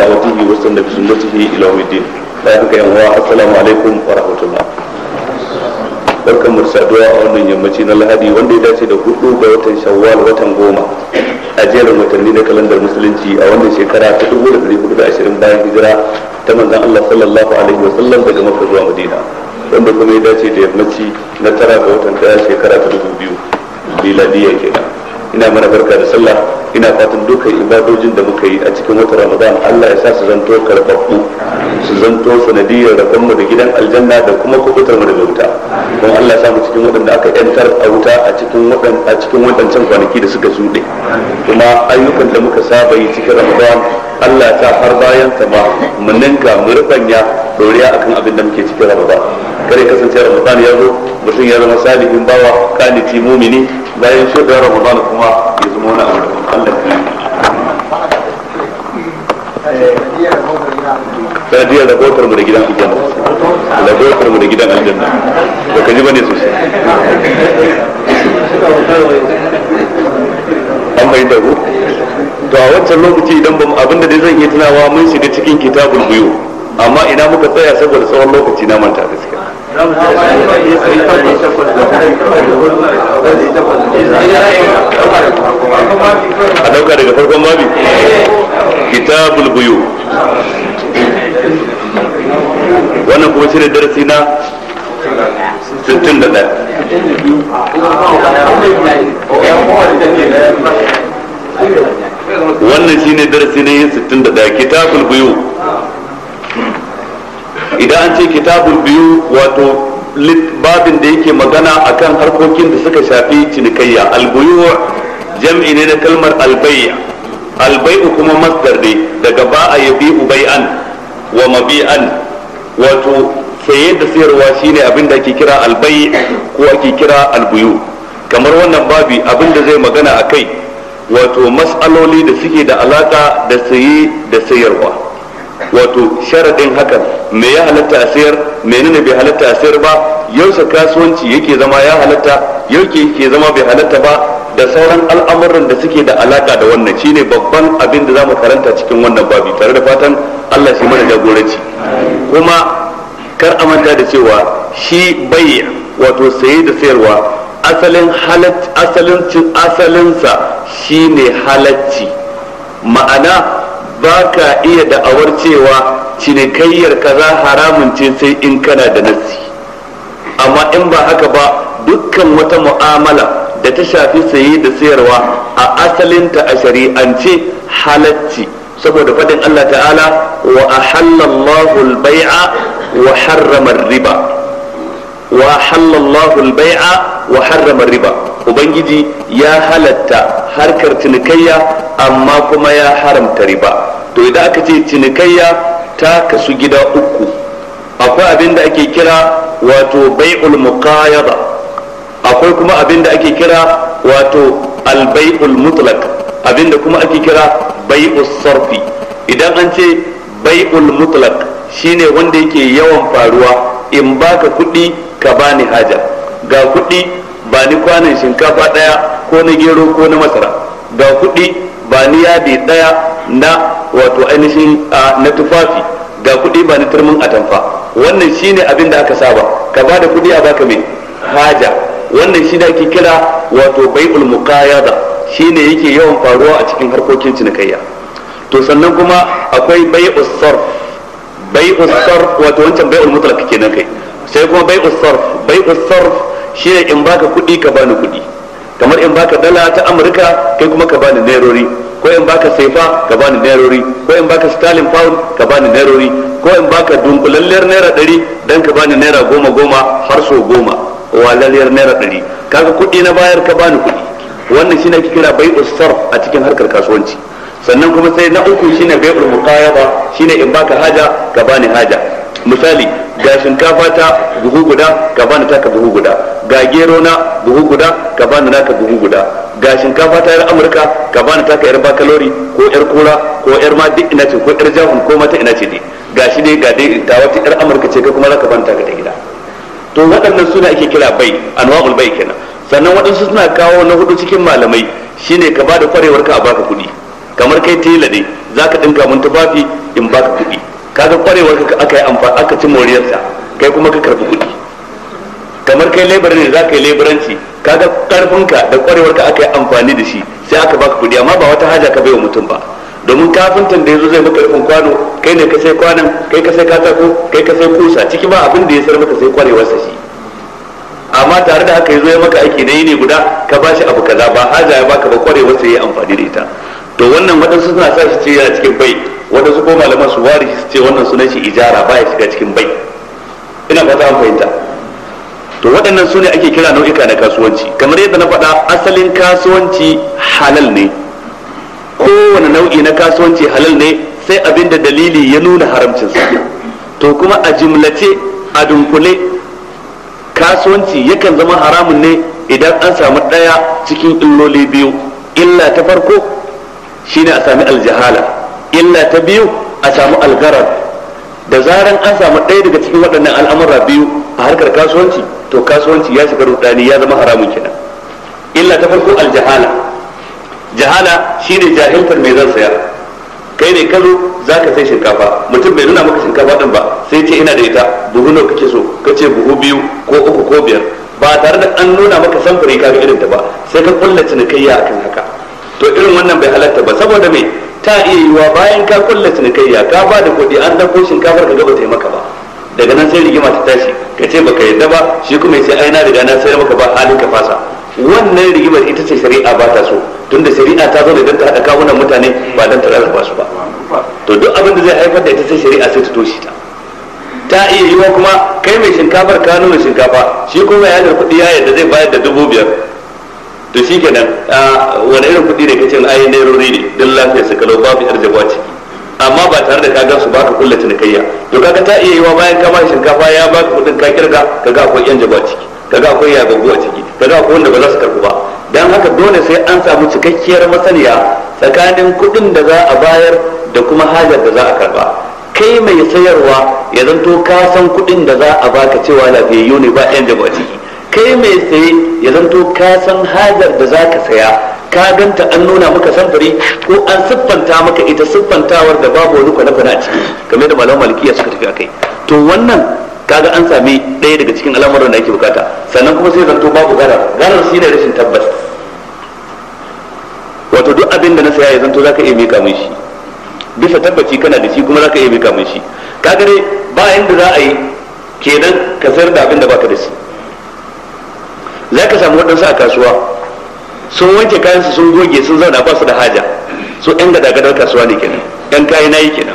دعوته وسنة بسنته إلى يوم الدين ذلك يا الله السلام عليكم ورحمة الله barkan mu saduwa a wannan yammaci na lahadi wanda ya dace da hudu ga watan shawwal watan goma a jerin watanni na kalandar musulunci a wannan shekara ta dubu da da ashirin bayan hijira ta manzan Allah sallallahu alaihi wa sallam daga Makka zuwa Madina wanda kuma ya dace da yammaci na tara ga watan daya shekara ta dubu 2000 miladiya kenan ina mana barka da sallah ina fatan dukkan ibadojin da muka yi a cikin wata ramadan Allah ya sa su zanto karfafu su zanto sanadiyar da kuma da gidan aljanna da kuma kubutar mu daga wuta don Allah ya sa mu cikin waɗanda aka yantar a wuta a cikin waɗanda a cikin waɗancan kwanaki da suka zube. kuma ayyukan da muka saba yi cikin ramadan Allah ya sa har bayan ta ma mu ninka mu doriya akan abin da muke cikin ramadan kare kasance ramadan ya zo mutum ya zama salihin bawa kaniti mumini bayan shuɗin ramadan kuma ya zama wani abu Allah sanadiyar rahotar mu da gidan aljanna rahotar mu da gidan aljanna ba ka ji bane sosai an bai da ku to a wancan lokaci idan ba abinda dai zan iya tunawa mun shiga cikin kitabul buyu amma ina muka tsaya saboda tsawon lokaci na manta gaskiya a dauka daga farkon babi kitabul buyu wannan kuma shi ne darasi na 61 wannan shi ne darasi na 61 kitabul buyu idan an ce kitabul biyu wato babin da yake magana akan harkokin da suka shafi cinikayya albuyu jam'i ne na kalmar albayya albay'u kuma masdar ne daga ba'a yabi ubay'an wa mabi'an wato saye da sayarwa shine abin da ake kira albayi ko ake kira albuyu kamar wannan babi abin da zai magana a kai wato mas'aloli da suke da alaka da saye da sayarwa wato sharadin haka me ya halatta a sayar menene bai halatta a sayar ba yausa kasuwanci yake zama ya halatta yauke ke zama bai halatta ba da sauran al'amuran da suke da alaka da wannan shine babban abin da zamu karanta cikin wannan babi tare da fatan Allah shi mana jagoranci kuma kar a manta da cewa shi bai wato sayi da sayarwa asalin asalin asalinsa shine halacci ma'ana ba ka iya awar cewa cinikayyar kaza haramun ce sai in kana da nassi amma in ba haka ba dukkan wata mu'amala da ta shafi saye da sayarwa a asalinta a shari'ance halacci saboda faɗin Allah ta'ala wa ahallallahu al-bai'a wa harrama riba wa ahallallahu baia wa harrama riba ubangiji ya halatta harkar cinikayya amma kuma ya haramta riba to idan aka ce cinikayya ta kasu gida uku akwai abin da ake kira wato bai'ul muqayyada akwai kuma abin da ake kira wato albai'ul mutlaq abin da kuma ake kira bai'us sarfi idan an ce bai'ul mutlaq shine wanda yake yawan faruwa in baka kuɗi ka bani haja ga kuɗi ba ni kwanan shinkafa ɗaya ko na gero ko na masara ga kuɗi ba ni yadi daya na wato ainihin na tufafi ga kuɗi ba na turmin atamfa wannan shine abin da aka saba ka ba da kuɗi a baka mai haja wannan shi da ake kira wato bai'ul muqayada shine yake yawan faruwa a cikin harkokin cinikayya to sannan kuma akwai bai'us sarf bai'us sarf wato wancan bai'ul mutlaq kenan kai sai kuma bai'us sarf bai'us sarf shine in baka kuɗi ka bani kuɗi kamar in baka dala ta amurka kai kuma ka bani nairori ko in baka saifa ka bani nairori ko in baka stalin pound ka bani nairori ko in baka dunkulalliyar naira ɗari dan ka bani naira goma goma har so goma lalliyar naira ɗari kaga kuɗi na bayar ka bani kuɗi wannan shine ake kira bai usar a cikin harkar kasuwanci sannan kuma sai na uku shine bai shi shine in baka haja ka bani haja misali ga shinkafa ta buhu guda ka bani taka buhu guda ga gero na buhu guda ka bani naka buhu guda ga shinkafa ta yar amurka ka bani taka yar bakalori ko yar kura ko yar ma duk ina ce ko yar jahun ko mata ina ce dai ga shi dai ga dai ta wata yar amurka ce ka kuma zaka bani taka ta gida to waɗannan suna ake kira bai anwa'ul bai kenan sannan waɗansu suna kawo na hudu cikin malamai shine ka bada kwarewar ka a baka kuɗi kamar kai tela ne zaka dinka mun tufafi in baka kuɗi kaga kwarewar ka aka yi amfani aka ci moriyarsa kai kuma ka karbi kuɗi kamar kai lebar ne za ka yi leburanci kaga ka da kwarewar ka aka yi amfani da shi sai aka baka kuɗi amma ba wata haja ka baiwa mutum ba domin kafintan da yazo zai maka rufin kwano kai ne ka sai kwanan kai ka sai katako kai ka sai kusa ciki ba abin da ya sar maka sai sa shi amma tare da haka yazo ya maka aiki na yini guda ka ba bashi abu kaza ba haja ya baka ba kwarewar sa yi amfani da ita to wannan wadansu suna sa shi ce cikin bai wanda su ko malaman su wari su ce wannan sunan shi ijara baya shiga cikin bai ina fata an fahimta to waɗannan su ne ake kira nau'ika na kasuwanci kamar yadda na faɗa asalin kasuwanci halal ne kowane nau'i na kasuwanci halal ne sai abin da dalili ya nuna haramcin haramcinsa to kuma a jimlace a dunkule kasuwanci yakan zama haramun ne idan an samu ɗaya cikin illoli biyu illa ta farko shine a sami aljihala illa ta biyu a samu algarar da zaran an samu ɗaya daga cikin waɗannan al'amura biyu a harkar kasuwanci to kasuwanci ya shiga rudani ya zama haramun kenan illa ta farko aljahala jahala shine jahiltar mai zan saya kai ne kazo zaka za ka sai shinkafa mutum bai nuna maka shinkafa din ba sai ce ina da ita buhu nawa kake so ka ce buhu biyu ko uku ko biyar ba tare da an nuna maka samfuri ka irin ta ba sai ka kulla cinikayya akan haka to irin wannan bai halatta ba saboda me ta iya yiwa bayan ka kulle cinikayya ka ba da kudi an dafo shinkafar ka gaba maka ba daga nan sai rigima ta tashi ka ce baka yadda ba shi kuma ya ce ai na riga na sayar maka ba halin ka fasa wannan rigimar ita ce shari'a ba ta so tunda shari'a ta zo da danta ta haɗa kawunan mutane ba dan ta rarraba su ba to duk abin da zai haifar da ita sai shari'a sai ta toshe ta ta iya yiwa kuma kai mai shinkafar ka nuna shinkafa shi kuma ya da kuɗi ya yadda zai bayar da dubu biyar to shi kenan wani irin kuɗi ne ayi na nairori ne don lafiyar su kalau babu yar jaba ciki amma ba tare da ka su baka na cinikayya to kaga ta iya yiwa bayan ka shinkafa ya baka kuɗin ka kirga kaga akwai yan jaba ciki kaga akwai yagaggu a ciki kaga akwai wanda ba za su karɓi ba dan haka dole sai an samu cikakkiyar masaniya tsakanin kuɗin da za a bayar da kuma hajar da za a karba kai mai sayarwa ya zanto ka san kuɗin da za a baka cewa lafiyayyu ne ba yan jaba ciki kai mai saye ya zanto ka san hajar da za ka saya ka ganta an nuna maka samfari ko an siffanta maka ita siffantawar da babu wani kwana-kwana a ciki game da malam malikiya suka tafi akai to wannan kaga an sami ɗaya daga cikin al'amuran da ake bukata sannan kuma sai zanto babu gara garar shi ne rashin tabbas wato duk abin da na saya ya zanto zaka iya mika mun shi bisa tabbaci kana da shi kuma zaka iya mika mun shi kaga dai ba yanda za a yi kenan ka sayar da abin da baka da shi za ka samu waɗansu a kasuwa sun wanke kayansu sun goge sun zauna ba su da haja su ɗan da dagadar kasuwa ne kenan ɗan kayan yi kenan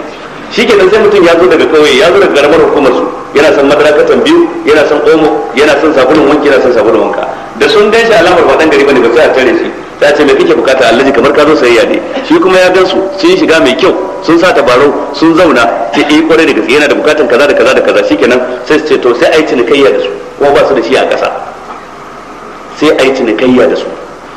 shi kenan sai mutum ya zo daga kauye ya zo daga garamar hukumar su yana son madara biyu yana son omo yana son sabulun wanki yana son sabulun wanka da sun gan shi alamar ba ɗan gari bane ba sai a tare shi ta ce mai kake bukata allaji kamar ka zo sayayya ne shi kuma ya gansu sun shiga mai kyau sun sa tabarau sun zauna ta yi kwarai eh, da gaske yana da bukatan kaza da kaza da kaza shikenan sai su ce to sai a yi cinikayya da su kuma ba su da shi a ƙasa sai a yi cinikayya da su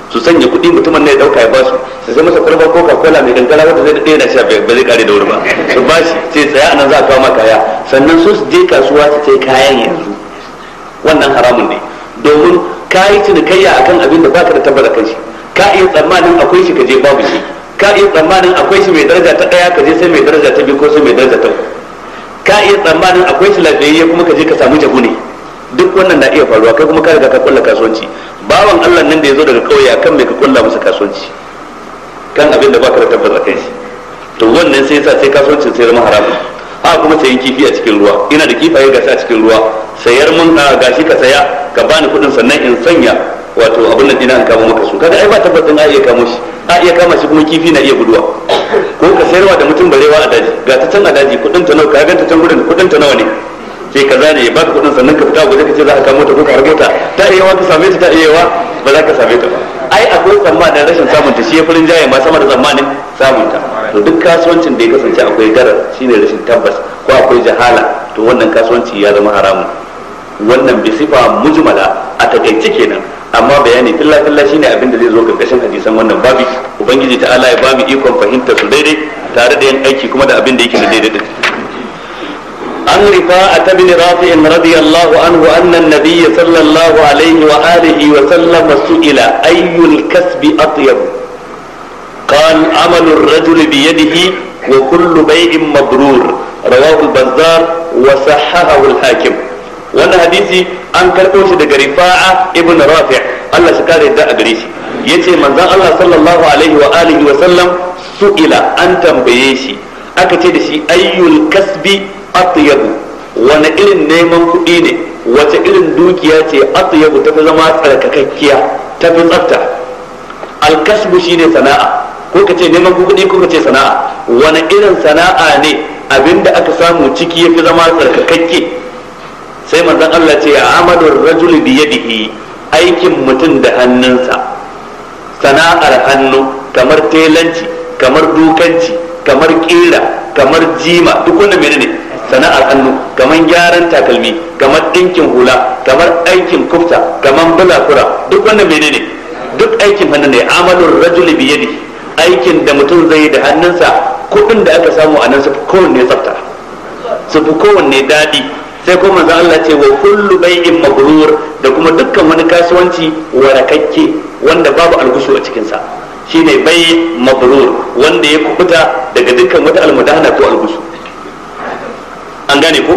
su sanya kuɗi mutumin ne ya dauka ya basu su sai masa kurban ko cola mai gangara wanda zai daɗe na shafi ba zai kare da wuri ba su shi sai tsaya nan za a kawo maka kaya sannan su su je kasuwa su ce kayan yanzu wannan haramun ne domin ka yi cinikayya a kan abin da ka da tabbata kan shi ka iya tsammanin akwai shi ka je babu shi ka iya tsammanin akwai shi mai daraja ta ɗaya ka je sai mai daraja ta biyu ko sai mai daraja ta uku ka iya tsammanin akwai shi lafiyayye kuma ka je ka samu jabu ne duk wannan na iya faruwa kai kuma ka riga ka kulla kasuwanci bawan Allah nan da ya zo daga kauye akan mai ka kulla masa kasuwanci kan abin da baka da tabbas kai shi to wannan sai yasa sai kasuwancin sai zama haramun a kuma sayan kifi a cikin ruwa ina da kifaye gasa a cikin ruwa sayar mun ah, gashi ka saya ka bani kuɗin sannan in sanya wato abin nan dina an kama maka su kaga ai ba tabbatin a iya kamo shi a iya kama shi kuma kifi na iya guduwa ko ka sayarwa da mutum barewa a daji ga ta can a daji kuɗin ta nawa ka ganta can gudun kudin ta nawa ne sai zane ya baka kudin sannan ka fita guje ka ce za ka kamo ta ko ka harbo ta ta yawa ka same ta ta iya yawa ba za ka same ta ba ai akwai tsammanin rashin samun ta shi ya farin jaye ma sama da tsammanin samun ta to duk kasuwancin da ya kasance akwai garar shine rashin tabbas ko akwai jahala to wannan kasuwanci ya zama haramun wannan bi sifa mujmala a takaice kenan amma bayani filla filla shine abin da zai zo gaggashin hadisan wannan babi ubangiji ta'ala ya bamu ikon fahimta su daidai tare da yin aiki kuma da abin da yake da daidai عن رفاعة بن رافع رضي الله عنه أن النبي صلى الله عليه وآله وسلم سئل أي الكسب أطيب قال عمل الرجل بيده وكل بيع مبرور رواه البزار وصححه الحاكم wannan hadisi an karɓo shi daga rifa'a ibn rafi' Allah shi kare a gare shi yace manzon ala sallallahu alaihi wa alihi wa sallam su'ila an tambaye shi aka ce da shi ayyul kasbi atyabu wani irin neman kuɗi ne wace irin dukiya ce atyabu fi zama tsarkakakkiya fi tsafta alkasbu ne sana'a ko ka ce neman kuɗi ko ka ce sana'a wani irin sana'a ne abinda aka samu ciki ya fi zama tsarkakakke sai manzan Allah ce amadur rajuli bi yadihi aikin mutum da hannunsa sana'ar hannu kamar telanci kamar dukanci kamar kera kamar jima duk wanda menene ne sana'ar hannu kamar gyaran takalmi kamar ɗinkin hula kamar aikin kufta kamar bulakura duk wannan menene duk aikin hannu ne amalur rajuli biyadi aikin da mutum zai yi da hannunsa kuɗin da aka samu a nan su kowanne tsafta su fi kowanne daɗi sai kuma manzo Allah ce wa kullu bai'in mabrur da kuma dukkan wani kasuwanci warakakke wanda babu algushu a cikin sa shine bai mabrur wanda ya kubuta daga dukkan wata almudahana ko algushu an gane ko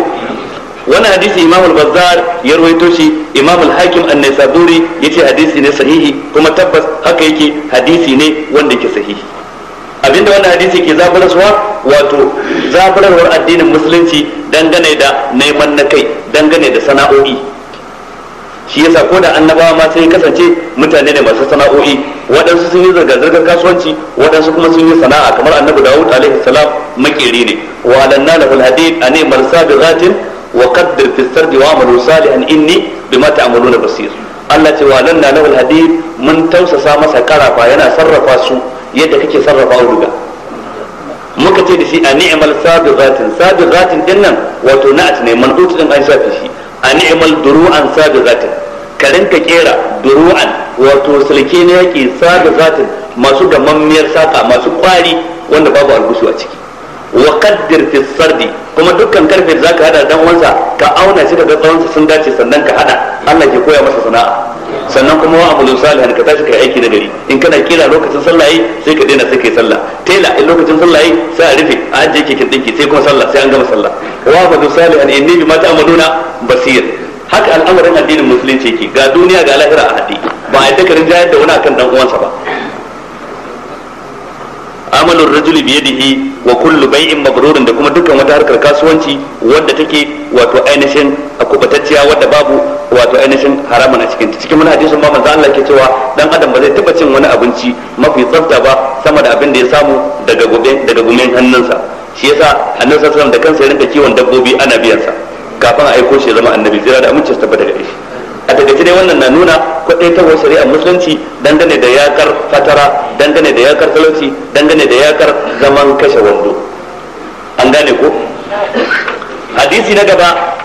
wannan hadisi imam al-bazzar ya rawaito shi imam al-hakim an-naisaburi yace hadisi ne sahihi kuma tabbas haka yake hadisi ne wanda ke sahihi abinda wannan hadisi ke zaburarwa wato zaburarwar addinin musulunci dangane da neman na kai dangane da sana'o'i shi yasa ko da annabawa ma sai kasance mutane ne masu sana'o'i waɗansu sun yi zirga-zirgar kasuwanci waɗansu kuma sun yi sana'a kamar annabi dawud alaihi salam makeri ne wa alanna lahul hadid ani marsa bi ghatin wa qaddir fi sardi wa amalu salihan inni bima ta'maluna basir Allah ce wa alanna lahul hadid mun tausasa masa karafa yana sarrafa su yadda kake sarrafa auduga muka ce da shi a zatin, sabi zatin din nan wato na'at ne man'ut din an shafi shi a ni'imar duru'an sabiqatin ka rinka kera duru'an wato sulke na yaki zatin masu gamammiyar saka masu ƙwari wanda babu albusu a ciki wa kaddir fi sardi kuma dukkan karfe da zaka hada dan wansa ka auna shi daga tsawonsa sun dace sannan ka hada Allah ke koya masa sana'a sannan kuma wa amalu salihan ka tashi kai aiki na gari in kana kira lokacin sallah sai ka daina sai kai sallah tela in lokacin sallah sai a rufe a ajiye keken dinki sai kuma sallah sai an gama sallah wa amalu salihan inni mata ta'maluna basir haka al'amarin addinin musulunci yake ga duniya ga lahira a haɗe ba a yadda ka jayar da wani akan dan uwansa ba amalur rajuli biyadihi wa kullu bai'in mabrurin da kuma dukkan wata harkar kasuwanci wadda take wato ainihin akubatacciya wadda babu wato ainihin haramun a cikin cikin wani hadisin ma manzo Allah ke cewa dan adam ba zai taba cin wani abinci mafi tsafta ba sama da abin da ya samu daga gobe daga gumin hannunsa shi yasa annabi sallallahu alaihi da kansa ya rinka kiwon dabbobi ana biyansa kafin a aiko shi ya zama annabi zira da su tabbata da shi a daga dai wannan na nuna wasu shari'a musulunci dangane da yakar fatara dangane da yakar talauci dangane da yakar zaman kashe wando an gane ko hadisi na gaba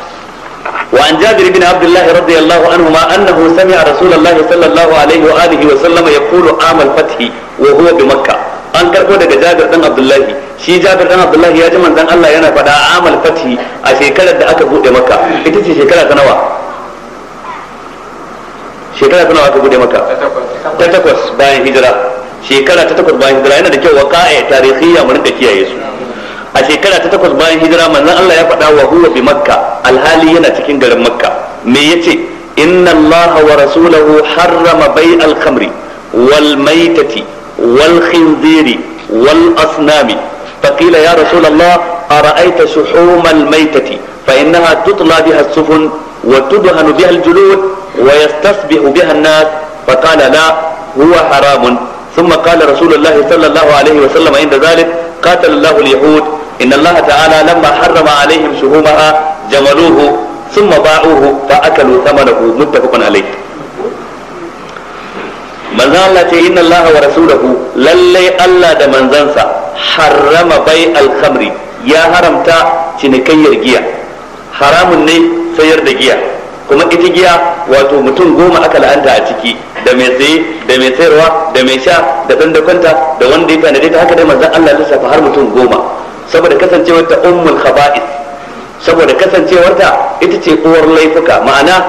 وعن جابر بن عبد الله رضي الله عنهما أنه سمع رسول الله صلى الله عليه وآله وسلم يقول عام الفتح وهو بمكة an karbo daga Jabir dan Abdullahi shi Jabir dan Abdullahi ya ji manzon Allah yana faɗa amal fathi a shekarar da aka bude Makka ita ce shekara ta nawa shekara tana nawa aka bude maka ta takwas bayan hijira shekara ta takwas bayan hijira yana da kyau waqa'i tarihiyya mu rinka kiyaye su a shekara ta takwas bayan hijira manzon Allah ya faɗa wa huwa bi makka alhali yana cikin garin makka me yace inna allaha wa rasulahu harrama bai'al khamri wal maitati wal khinziri wal asnami فقيل يا رسول الله أرأيت شحوم الميتة فإنها تطلى بها السفن وتدهن بها الجلود ويستصبح بها الناس فقال لا هو حرام ثم قال رسول الله صلى الله عليه وسلم عند ذلك قاتل الله اليهود إن الله تعالى لما حرم عليهم شهومها جملوه ثم باعوه فأكلوا ثمنه متفق عليه manzo Allah ce inna Allah wa rasulahu lallai Allah da manzansa harrama bai alkhamri ya haramta cinikayyar giya haramun ne sayar da giya kuma ita giya wato mutum goma aka la'anta a ciki da mai tsaye da mai sayarwa da mai sha da da kwanta da wanda ya tanade ta haka dai manzon Allah ya lissafa har mutum goma saboda kasancewar ta ummul khaba'is saboda kasancewarta ita ce uwar laifuka ma'ana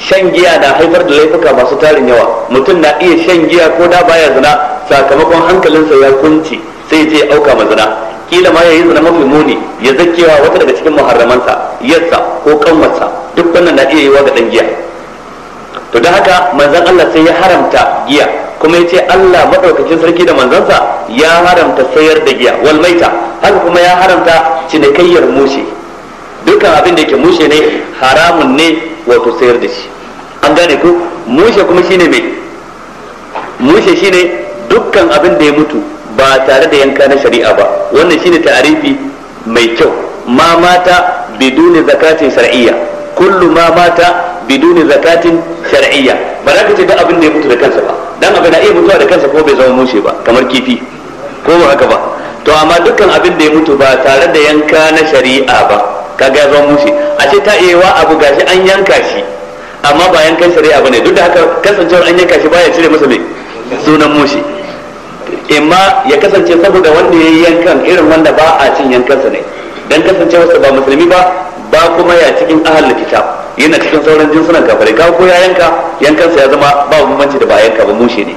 shan giya na haifar da laifuka masu tarin yawa mutum na iya shan giya ko da baya zina sakamakon hankalinsa ya kunce sai je auka ma zina kila ma yayi zina mafi muni ya zakewa wata daga cikin muharramansa yarsa ko kanwarsa duk wannan na iya yiwa ga dan giya to da haka manzon Allah sai ya haramta giya kuma ya ce Allah madaukakin sarki da manzansa ya haramta sayar da giya wal maita haka kuma ya haramta cinikayyar mushe dukkan abin da yake mushe ne haramun ne wato sayar da shi an gane ku mushe kuma shine mai mushe shine dukkan abin da ya mutu ba tare da yanka na shari'a ba wannan shine ta'arifi mai kyau ma mata biduni zakatin shar'iyya kullu ma mata biduni zakatin shar'iyya ba za ka ce duk abin da ya mutu da kansa ba dan abin da iya mutuwa da kansa ko bai zama mushe ba kamar kifi ko ba haka ba to amma dukkan abin da ya mutu ba tare da yanka na shari'a ba kaga ya zama mushe a ce ta iya abu gashi an yanka shi amma ba yankan shari'a bane duk da haka kasancewar an yanka shi baya cire masa mai sunan mushe imma ya kasance saboda wanda ya yi yankan irin wanda ba a cin yankansa ne dan wasu ba musulmi ba ba kuma ya cikin ahal kitab yana cikin sauran jinsunan kafirai ka ko ya yanka yankansa ya zama ba bambanci da ba yanka ba mushe ne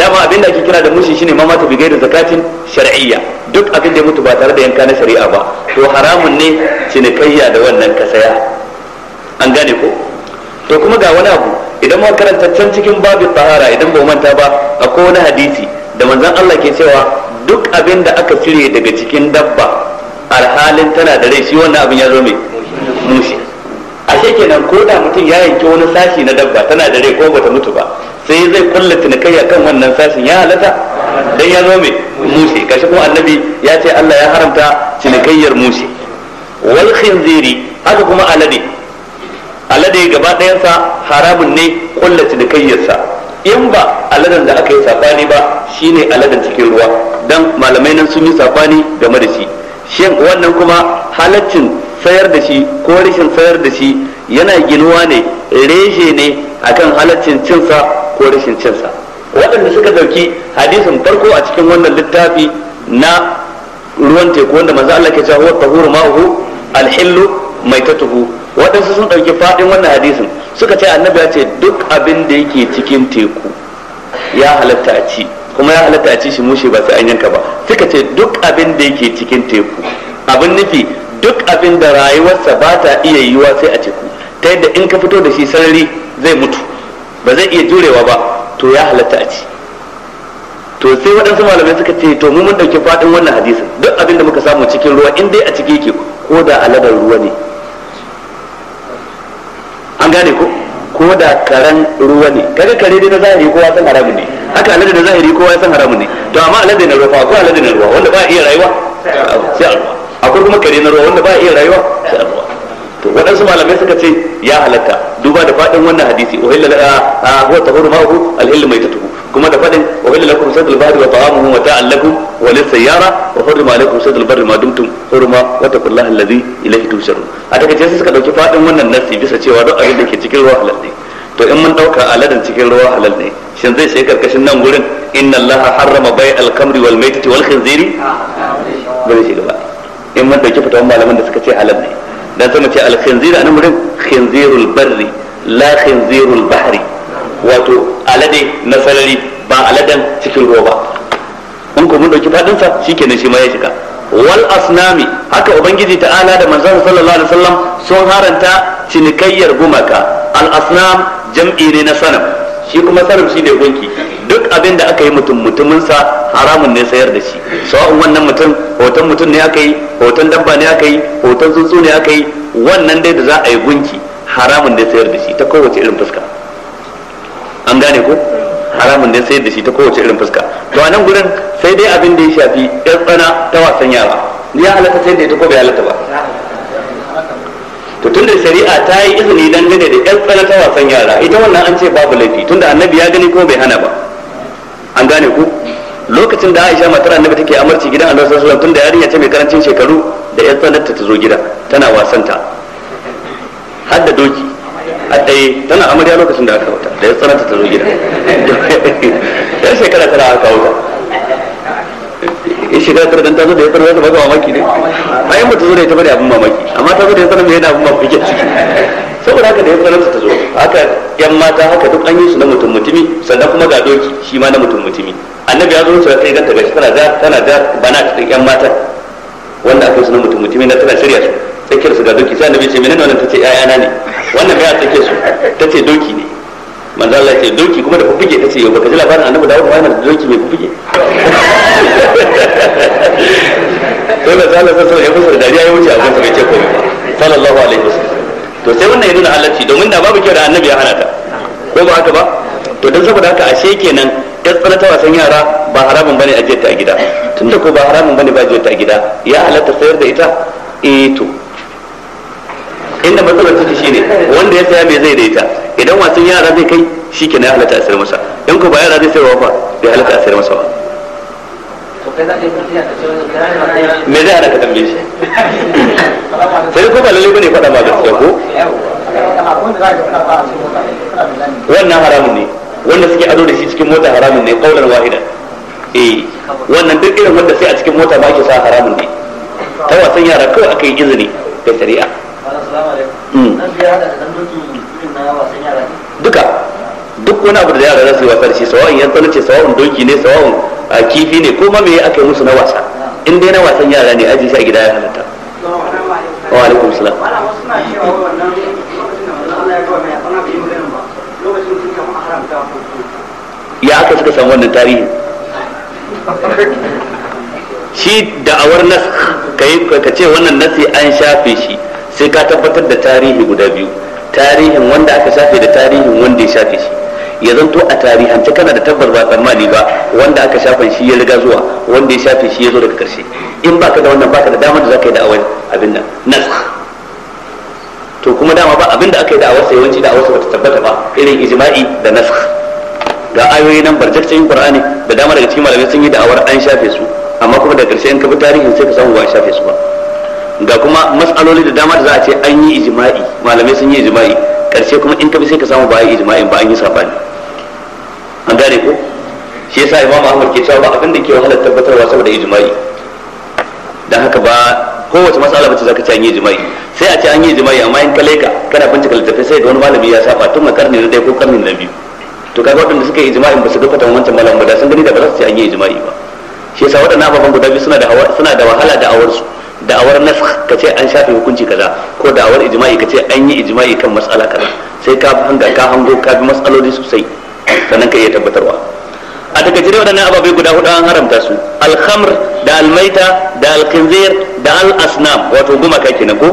dama abin da ake kira da mushi shine ma mata bigai da zakatin shar'iyya duk abin da ya mutu ba tare da yanka na shari'a ba to haramun ne cinikayya da wannan kasaya an gane ko to kuma ga wani abu idan ma karanta can cikin babu tsahara idan ba manta ba akwai wani hadisi da manzan Allah ke cewa duk abin da aka cire daga cikin dabba alhalin tana da rai shi wannan abin ya zo mai mushi ashe kenan ko da mutum ya yanke wani sashi na dabba tana da rai ko bata mutu ba sai zai kulla tunakai kan wannan sashin ya halata dan ya zo mai mushi kashi kuma annabi ya ce Allah ya haramta cinikayyar mushi wal khinziri haka kuma alade alade gaba ɗayansa haramun ne kulla cinikayyarsa in ba aladan da aka yi safani ba shine aladan cikin ruwa dan malamai nan sun yi safani game da shi shin wannan kuma halaccin sayar da shi ko rashin sayar da shi yana ginuwa ne reshe ne akan halaccin cinsa ko rashin cinsa waɗanda suka ɗauki hadisin farko a cikin wannan littafi na ruwan teku wanda manzo Allah ke cewa huwa tahuru ma'uhu alhillu maitatuhu waɗansu sun ɗauki faɗin wannan hadisin suka ce annabi ya ce duk abin da yake cikin teku ya halatta a ci kuma ya halatta a ci shi mushe ba sai an yanka ba suka ce duk abin da yake cikin teku abin nufi duk abin da rayuwarsa ba ta iya yiwuwa sai a teku ta yadda in ka fito da shi sarari zai mutu ba zai iya jurewa ba to ya halatta a ci to sai waɗansu malamai suka ce to mu mun ɗauki faɗin wannan hadisin duk abin da muka samu cikin ruwa in dai a ciki yake ko da aladar ruwa ne an gane ko ko da karan ruwa ne kaga kare ne na zahiri kowa san haramu ne haka alade na zahiri kowa san haramu ne to amma alade na ruwa ko alade na ruwa wanda ba iya rayuwa sai a akwai kuma kare na ruwa wanda ba iya rayuwa sai Allah to waɗansu malamai suka ce ya halaka duba da fadin wannan hadisi uhilla la ah, huwa tahuru ma'ahu al-ilmu maitatuhu kuma da fadin wa bil lakum al bahri wa ta'amuhu wa ta'allakum wa lis sayyara wa hurima lakum alaikum al bahri ma dumtum hurma wa taqullaha alladhi ilayhi tusharun a take sai suka dauki fadin wannan nasi bisa cewa duk abin da ke cikin ruwa halal ne to in mun dauka aladan cikin ruwa halal ne shin zai sai karkashin nan gurin inna allaha harrama bai'al al-kamri wal maytati wal khinziri ba shi shiga ba in mun dauki fatawan malaman da suka ce halal ne dan sai mu ce al khinziri anan gurin khinzirul barri la khinzirul bahri wato alade na sarari ba aladen cikin ruwa ba in ku mun dauki fadin sa shikenan shi ma ya shiga wal asnami haka ubangiji ta'ala da manzon sallallahu alaihi wasallam sun haranta cinikayyar gumaka al asnam jam'i ne na sanam shi kuma sanam shine gunki duk abin da aka yi mutum mutumin sa haramun ne sayar da shi sawa'un wannan mutum hoton mutum ne aka yi hoton dabba ne aka yi hoton tsuntsu ne aka yi wannan dai da za a yi gunki haramun ne sayar da shi ta kowace irin fuska an gane ko haramun ne sayar da shi ta kowace irin fuska to a nan gurin sai dai abin da ya shafi yar tsana ta wasan yara ya halatta sai da ita ko bai halatta ba to tunda shari'a ta yi izini gane da yar tsana ta wasan yara ita wannan an ce babu laifi tunda annabi ya gani ko bai hana ba an gane ku lokacin da Aisha matar annabi take amarci gidan Annabi sallallahu alaihi wasallam tunda yarinya ce mai karancin shekaru da yar tsanarta ta zo gida tana wasanta har da doki eh tana amarya lokacin da aka wata da ya tsananta ta zo gida ya shekara tara aka wata in shekara tara dan ta zo da ya tsananta ta baka mamaki ne bayan ba ta zo da ya bane abin mamaki amma ta zo da ya tsananta yana abin mamaki ciki saboda haka da ya tsananta ta zo haka yan mata haka duk an yi su na mutum mutumi sannan kuma ga doki shi ma na mutum mutumi annabi ya zo wucewa sai ganta gashi tana da tana da bana cikin yan mata wanda aka yi su na mutum mutumi na tana shirya su tsakiyar su ga doki sai annabi ce menene wannan tace ƴaƴana ne wannan bai a tsakiyar su tace doki ne manzo Allah ce doki kuma da fuffuke tace yau baka ji labarin annabi Dawud ba yana da doki mai fuffuke sai da Allah sai ya fusa da dariya ya wuce a gonsa bai ce komai ba sallallahu alaihi wasallam to sai wannan yana nuna halacci domin da babu kira annabi ya hana ta ko ba haka ba to dan saboda haka ashe kenan katsara ta wasan yara ba haramun bane ajiyar ta a gida tunda ko ba haramun bane ba ajiyar ta a gida ya halatta sayar da ita eh to inda matsalar shi ne wanda ya saya me zai daita idan wasan yara zai kai shi ke na halatta a sayar masa in ko ba yara zai sayarwa ba bai halatta a sayar masa ba me zai hana ka tambaye shi sai ko ba lalle bane faɗa ma gaskiya ko wannan haramun ne wanda suke ado da shi cikin mota haramun ne kaular wahida eh wannan duk irin wanda sai a cikin mota ba ke sa haramun ne ta wasan yara kawai aka yi izini da shari'a Hmm. duka duk wani abu da yara za su yi wasa da shi sawa'un yan tsanace sawa'un doki ne a kifi ne ko mamaye me aka yi musu na wasa in dai na wasan yara ne aji shi a gida ya halatta wa alaikum salam ya aka suka samu wannan tarihi shi da'awar nas ka ce wannan nasi an shafe shi sai ka tabbatar da tarihi guda biyu tarihin wanda aka shafe da tarihin wanda ya shafe shi ya zanto a ta kana da tabbar ba tsammani ba wanda aka shafe shi ya riga zuwa wanda ya shafe shi ya zo daga karshe in baka da wannan baka da damar da zaka yi da'awar abin nan nas to kuma dama ba abin da aka yi da'awar sai yawanci da'awar bata tabbata ba irin ijma'i da nasakh ga ayoyi nan barjaccen qur'ani da dama daga cikin malamai sun yi da'awar an shafe su amma kuma da karshe in ka bi tarihin sai ka samu ba a shafe su ba ga kuma matsaloli da dama da za a ce an yi ijma'i malamai sun yi ijma'i karshe kuma in ka bi sai ka samu ba yi ijma'in ba an yi sabani an gane ko shi yasa imamu ahmad ke cewa ba abin da ke wahalar tabbatarwa saboda ijma'i dan haka ba kowace matsala bace zaka ce an yi ijma'i sai a ce an yi ijma'i amma in ka leka kana bincika littafai sai da wani malami ya saba tun a karni na ɗaya ko karni na biyu to kaga waɗanda suka yi ijma'in ba su ga fatan wancan malamin ba da sun gani da ba za su ce an yi ijma'i ba shi yasa waɗannan ababen guda biyu suna da suna da wahala da awarsu da'awar nafkh ka ce an shafe hukunci kaza ko da'awar ijma'i ka ce an yi ijma'i kan matsala kaza sai ka hanga ka hango ka bi matsaloli sosai sannan ka iya tabbatarwa a daga jire waɗannan ababai guda hudu an haramta su alhamr da almaita da alkinzir da al-asnam wato gumaka kenan ko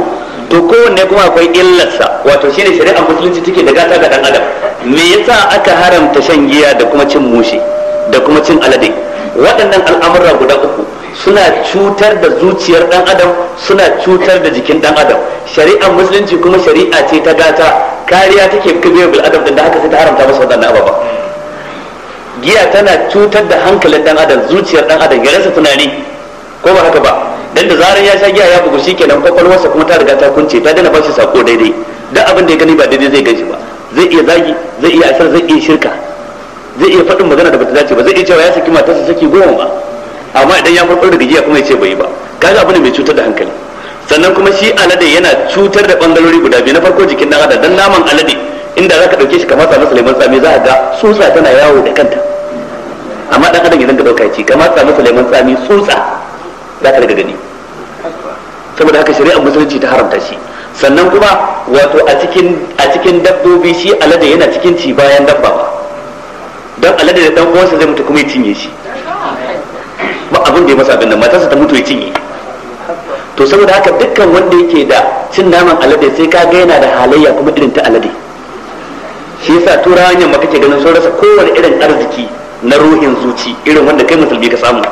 to kowanne kuma akwai illarsa wato shine shari'ar musulunci take da gata ga dan adam me yasa aka haramta shan giya da kuma cin mushi da kuma cin alade waɗannan al'amurra guda uku suna cutar da zuciyar dan adam suna cutar da jikin dan adam shari'ar musulunci kuma shari'a ce ta gata kariya take kabewa bil adam da haka sai ta haramta masa wadannan ababa giya tana cutar da hankalin dan adam zuciyar dan adam ya rasa tunani ko ba haka ba dan da zaran ya sha giya ya bugu shikenan kwakwalwarsa kuma ta riga ta kunce ta dana bashi sako daidai duk abin da ya gani ba daidai zai ganshi ba zai iya zagi zai iya asar zai iya shirka zai iya faɗin magana da bata dace ba zai iya cewa ya saki matarsa saki goma ba amma idan ya farko da gajiya kuma ya ce bai ba kaga abu ne mai cutar da hankali sannan kuma shi alade yana cutar da bangalori guda biyu na farko jikin dan adam dan naman alade inda zaka dauke shi kamar tsamin Sulaiman tsami za a ga tsutsa tana yawo da kanta amma dan adam idan ka dauka ci kamar tsamin Sulaiman tsami tsutsa za ka daga gani saboda haka shari'ar musulunci ta haramta shi sannan kuma wato a cikin a cikin dabbobi shi alade yana cikin ci bayan dabba ba dan alade da dan uwansa zai mutu kuma ya cinye shi abin da ya masa abin da matarsa ta mutu ya cinye to saboda haka dukkan wanda yake da cin naman alade sai ka ga yana da halayya kuma irin ta alade shi yasa turawan yamma kake ganin sun rasa kowane irin arziki na ruhin zuci irin wanda kai musulmi ka samu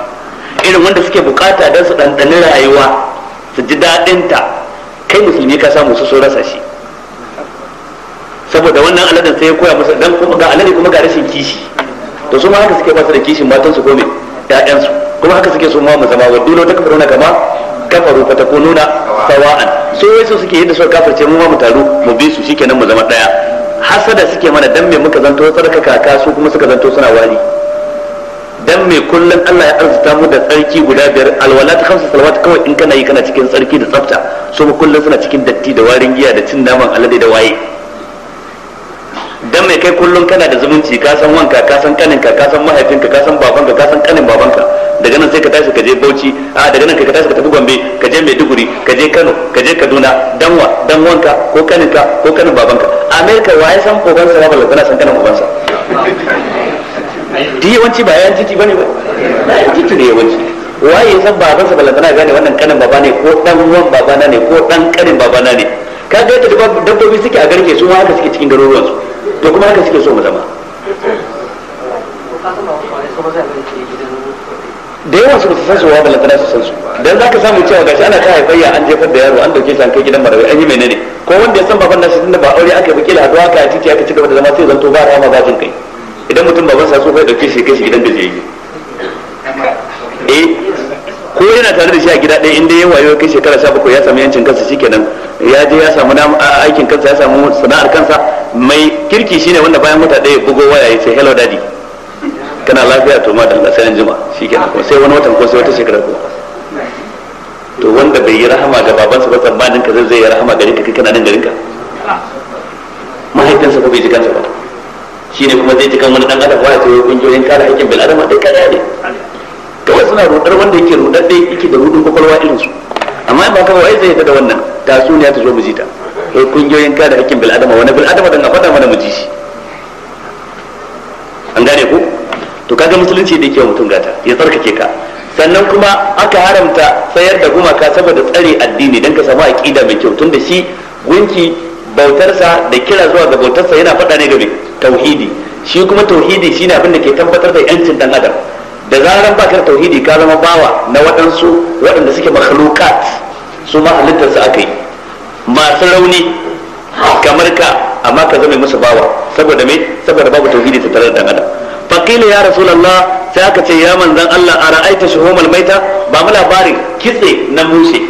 irin wanda suke bukata don su ɗanɗani rayuwa su ji daɗinta kai musulmi ka samu su sun rasa shi saboda wannan aladen sai ya koya musu dan kuma ga alade kuma ga rashin kishi to su ma haka suke ba su da kishin matansu ko me ƴaƴansu kuma haka suke so ma mu zama wa dole ta na kama kafaru fa takununa sawa'an so yesu suke yadda suka kafirce mu ma mu taru mu bi su shikenan mu zama daya hasada suke mana dan me muka zanto sarka kaka su kuma suka zanto suna wari dan me kullun Allah ya arzuta mu da tsarki guda biyar alwalat khamsa salawat kawai in kana yi kana cikin tsarki da tsafta so kullun suna cikin datti da warin giya da cin naman alade da waye dan mai kai kullum kana da zumunci ka san wanka ka san kaninka ka san mahaifinka ka san babanka ka san kanin babanka daga nan sai ka tashi ka je Bauchi a daga nan ka tashi ka tafi Gombe ka je Maiduguri ka je Kano ka je Kaduna dan wa dan wanka ko kaninka ko kanin babanka America wa ya san babansa ba balle kana san kanin babansa di yawanci ba yayan titi bane ba yayan titi ne yawanci waye san babansa balle kana gane wannan kanin baba ne ko dan uwan babana ne ko dan kanin na ne ga yadda dabbobi suke a garke su ma haka suke cikin garuruwansu da kuma haka suke so mu zama da yawan su ba su san su wa lantana su san su dan zaka samu cewa gashi ana ta haifayya an jefar da yaro an dauke shi an kai gidan marawai an yi menene ko wanda ya san baban nashi tunda ba aure aka yi bakila haduwa aka yi titi aka ci gaba da zama sai zanto ba rama ba jin kai idan mutum baban sa so kai dauke shi kai shi gidan da zai yi eh ko yana tare da shi a gida ɗaya inda ya wayo kai shekara 17 ya samu yancin kansa shikenan ya je ya samu aikin kansa ya samu sana'ar kansa mai kirki shine wanda bayan mota ɗaya bugo waya ya ce hello daddy kana lafiya to ma dalla sai an shi ke ko sai wani watan ko sai wata shekara ko to wanda bai yi rahama ga babansa ba tsammanin ka zai yi rahama gare ka kai kana nan garin ka mahaifinsa ko bai ji kansa ba shine kuma zai ji kan wani dan adam waya ce kungiyoyin kare haƙƙin bil adama dai kaza ne kawai suna rudar wanda yake rudar dai yake da rudin kwakwalwa irin su amma ba kawai wai zai da wannan tatsuniya ta zo mu ji ta ko kungiyoyin kada hakkin bil adama wani bil adama dan a mana mu ji shi an gane ku to kaga musulunci da yake mutum gata ya tsarkake ka sannan kuma aka haramta sayar da gumaka saboda tsare addini dan ka samu aqida mai kyau tunda shi gunki bautarsa da kira zuwa ga bautarsa yana faɗa ne ga tauhidi shi kuma tauhidi shine abin da ke tabbatar da yancin dan adam da zaran baka da tauhidi ka zama bawa na waɗansu waɗanda suke makhlukat su ma halittar su akai masu rauni kamar ka amma ka zama musu bawa saboda me saboda babu tauhidi ta tare da adam faqila ya rasulullah sai aka ce ya manzon Allah ara'aita shuhumal maita ba mu labarin kitse na muse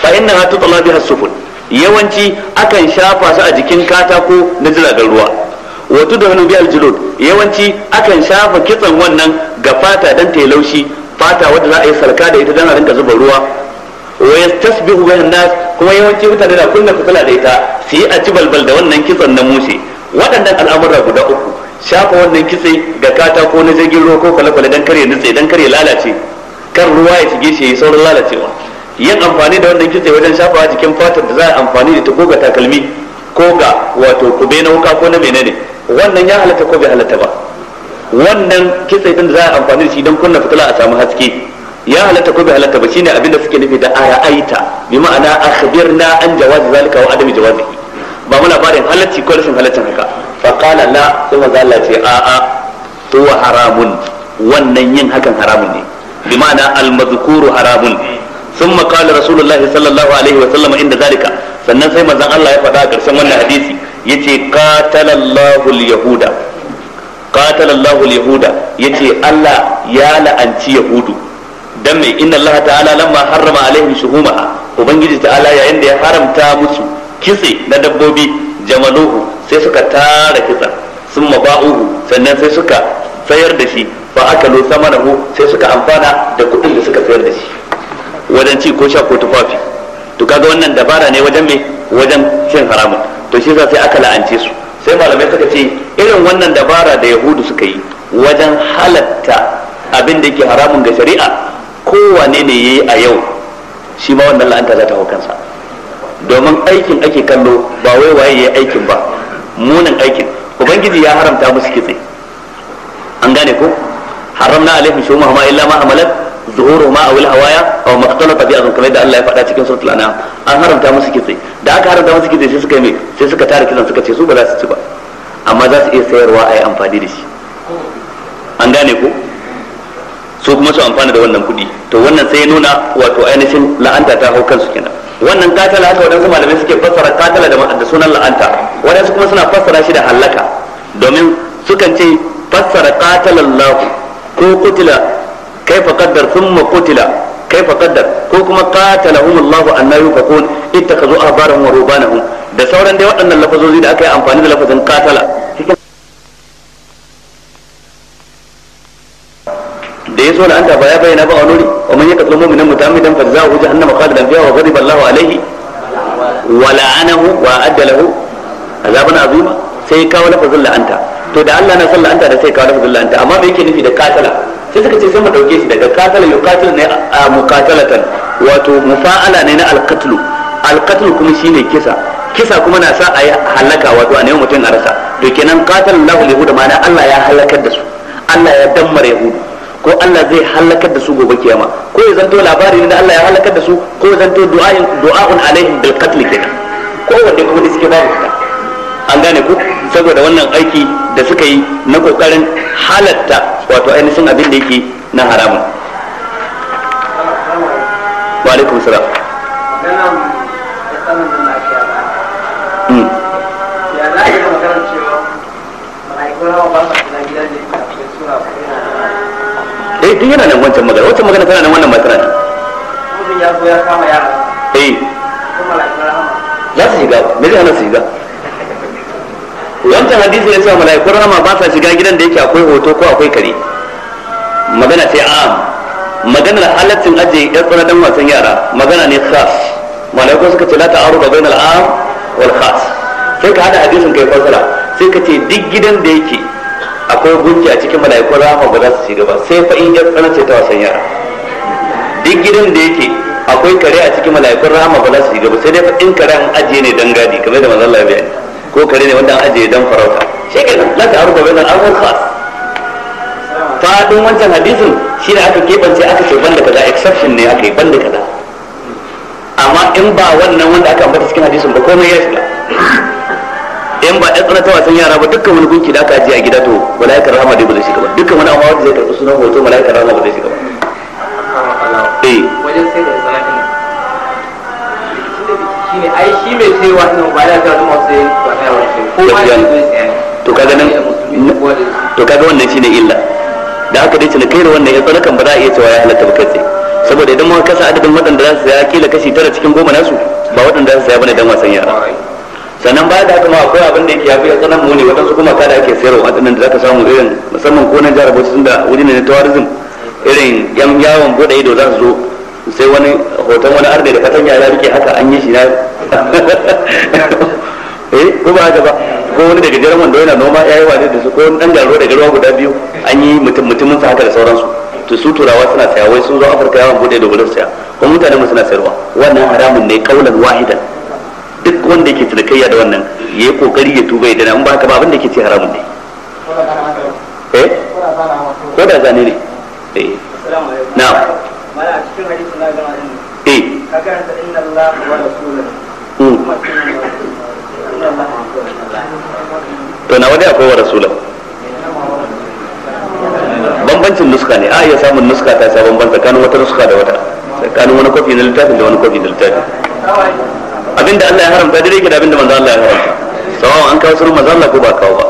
fa inna hatu talabi hasufun yawanci akan shafa su a jikin katako na jiragen ruwa wato da wani biyar jilod yawanci akan shafa kitsan wannan ga fata dan ta laushi fata wadda za a yi salka da ita dan a rinka zuba ruwa wa yastasbihu nas kuma yawanci mutane da kunna fitila da ita su yi a ci balbal da wannan kitsan na mushe waɗannan al'amura guda uku shafa wannan kitse ga katako na jirgin ruwa ko kwale-kwale dan kare nutse dan kare lalace kan ruwa ya shige shi ya yi saurin lalacewa yin amfani da wannan kitse wajen shafawa jikin fatar da za a amfani da ta ko ga takalmi ko ga wato kube na wuka ko na menene wannan ya halatta ko bai halatta ba wannan kitse din da za a amfani da shi don kunna fitila a samu haske ya halatta ko bai halatta ba shine abinda suke nufi da ara'aita bi ma'ana akhbirna an jawazi zalika wa adami jawazihi ba mu labarin halacci ko rashin halaccin haka fa qala la sai manzo Allah ce a a huwa haramun wannan yin hakan haramun ne bi ma'ana al mazkuru haramun ثم قال رسول الله صلى الله عليه وسلم عند ذلك sannan sai manzon Allah ya faɗa a ƙarshen wannan hadisi yace qatalallahu alyahuda yahuda qatalallahu alyahuda yace Allah ya la'anci yahudu dan mai inna Allah ta'ala lamma harrama alaihim shuhuma ubangiji ta'ala yayin da ya haramta musu kitse na dabbobi jamaluhu sai suka tara kitsa sun maba'uhu sannan sai suka sayar da shi fa akalu samanahu sai suka amfana da kuɗin da suka sayar da shi wajen ci ko sha ko tufafi to kaga wannan dabara ne wajen me wajen cin haramun to shi za sai aka la'ance su sai malamai suka ce irin wannan dabara da yahudu suka yi wajen halatta abin da yake haramun ga shari'a kowane ne ya yi a yau shi ma wannan la'anta za ta hau kansa domin aikin ake kallo ba wai waye ya yi aikin ba munin aikin ubangiji ya haramta musu kitse an gane ko haramna alaihim shuma ma illa ma hamalat zuhuru ma awil hawaya aw maqtalafa bi azun kamar da Allah ya faɗa cikin suratul anam an haramta musu kitse da aka haramta musu kitse sai suka yi sai suka tara kitsen suka ce su ba za su ci ba amma za su iya sayarwa a yi amfani da shi an gane ko su kuma su amfana da wannan kuɗi to wannan sai nuna wato ainihin la'anta ta hau kansu kenan wannan katala haka waɗansu malamai suke fassara katala da sunan la'anta waɗansu kuma suna fassara shi da hallaka domin sukan ce fassara katala Allah ko kutila kaifa qaddar thumma qutila kaifa qaddar ko kuma qatalahum Allah anna yufakun ittakhadhu ahbarahum wa rubanahum da sauran dai waɗannan lafazozi da aka yi amfani da lafazin qatala da da an anta baya bayyana ba wani wa man yaqtul mu'mina mutamidan fa jazaohu jahannama khalidan fiha wa ghadiba Allahu alayhi wa la'anahu wa adda lahu azaban azima sai kawo lafazin la'anta to da Allah na san la'anta da sai kawo lafazin la'anta amma me yake nufi da qatala sai suka ce sai mu dauke shi daga katala katala ne a mukatalatan wato mufa'ala ne na alqatlu alqatlu kuma shine kisa kisa kuma na sa a yi halaka wato a nemi mutum a rasa to kenan qatal lahu yahuda ma'ana Allah ya halakar da su Allah ya dammar yahudu ko Allah zai halakar da su gobe kiyama ko ya zanto labari ne da Allah ya halakar da su ko ya zanto du'a'in du'a'un alaihim bil qatl kenan ko wanda kuma da suke babu an gane ku saboda wannan aiki da suka yi na kokarin halatta wato ainihin abin da yake na haramu walikun hmm. sura eh duk yana nan wancan magana wancan magana tana nan wannan matsala ne mutum ya zo ya kama yara eh za su shiga me zai hana su shiga wancan hadisi ya ce mala'ikun rahama ba sa shiga gidan da yake akwai hoto ko akwai kare magana ce a maganar ajiye aje tsara dan wasan yara magana ne khas mala'ikun suka ce la ta'aruda bainal am wal khas sai ka hada hadisin kai fasara sai ka ce duk gidan da yake akwai gunki a cikin mala'ikun rahama ba za su shiga ba sai fa in tsara ce ta wasan yara duk gidan da yake akwai kare a cikin mala'ikun rahama ba za su shiga ba sai dai fa in karen aje ne dan gadi kamar da manzon Allah ya bayani ko kare ne wanda ajiye dan farauta shi ke la ta aruga bainal amr khas fadin wancan hadisin shi ne aka kebance aka ce banda kaza exception ne aka yi banda kaza amma in ba wannan wanda aka ambata cikin hadisin ba komai ya shiga in ba ɗan tsanata wasan yara ba dukkan wani gunki da aka ajiye a gida to mala'ikar rahama dai ba zai shiga ba dukkan wani amma wanda zai karɓi sunan hoto mala'ikar rahama ba zai shiga ba eh wajen sai da shi mai cewa ina ba ya ta zama sai ba ya wace ko ma ya zai to kaga nan to kaga wannan shine illa da haka dai cinikai da wannan ya tsarkan ba za a iya cewa ya halatta ba kai saboda idan muka kasa adadin waɗanda za su saya kila kashi tara cikin goma nasu ba waɗanda za su saya bane dan wasan yara sannan baya da haka ma akwai abin da yake yafi a tsanan muni waɗansu kuma kada ake sayarwa a tsanan da ka samu irin musamman ko nan jihar bauchi da wuri ne na tourism irin yan yawon bude ido za su zo sai wani hoton wani arne da katanya ya rike haka an yi shi na eh ko ba haka ba ko wani daga jiran wanda yana noma yayi wani da su ko wani dan garo daga ruwa guda biyu an yi mutum mutumin sa haka da sauransu to su turawa suna saya wai sun zo afirka yawan bude da gudun saya ko mutane mu suna sayarwa wannan haramun ne kaulan wahidan duk wanda yake cinikayya da wannan ya yi kokari ya tuba idan an ba haka ba abin da ke ce haramun ne eh ko da zane ne eh na'am mala cikin hadisi na gama eh ka karanta inna allahu wa rasuluhu Hm. to na wani akwai wa rasula bambancin nuska ne a iya samun nuska ta sa bambanta tsakanin wata nuska da wata tsakanin wani kwafi na littafin da wani kwafi na littafin abinda Allah ya haramta dai da abinda manzo Allah ya haramta sawa an kawo sunan manzo Allah ko ba kawo ba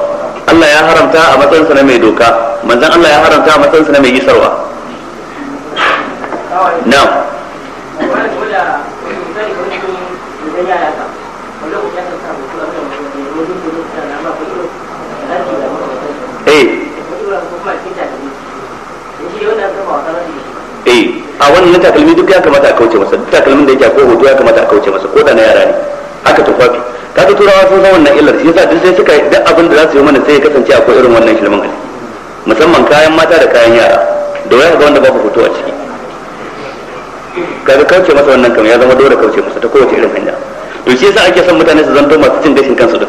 Allah ya haramta a matsayin sa na mai doka manzan Allah ya haramta a matsayin sa na mai isarwa na'am a wannan takalmi duk ya kamata a kauce masa duk takalmin da yake ko hoto ya kamata a kauce masa ko da na yara ne haka tufafi kaga turawa sun san wannan illar shi yasa duk sai suka duk abin da za su yi mana sai ya kasance akwai irin wannan shilman musamman kayan mata da kayan yara da waya ga wanda babu hoto a ciki kaga kauce masa wannan kam ya zama dole kauce masa ta kowace irin hanya to shi yasa ake son mutane su zanto masu cin gashin kansu din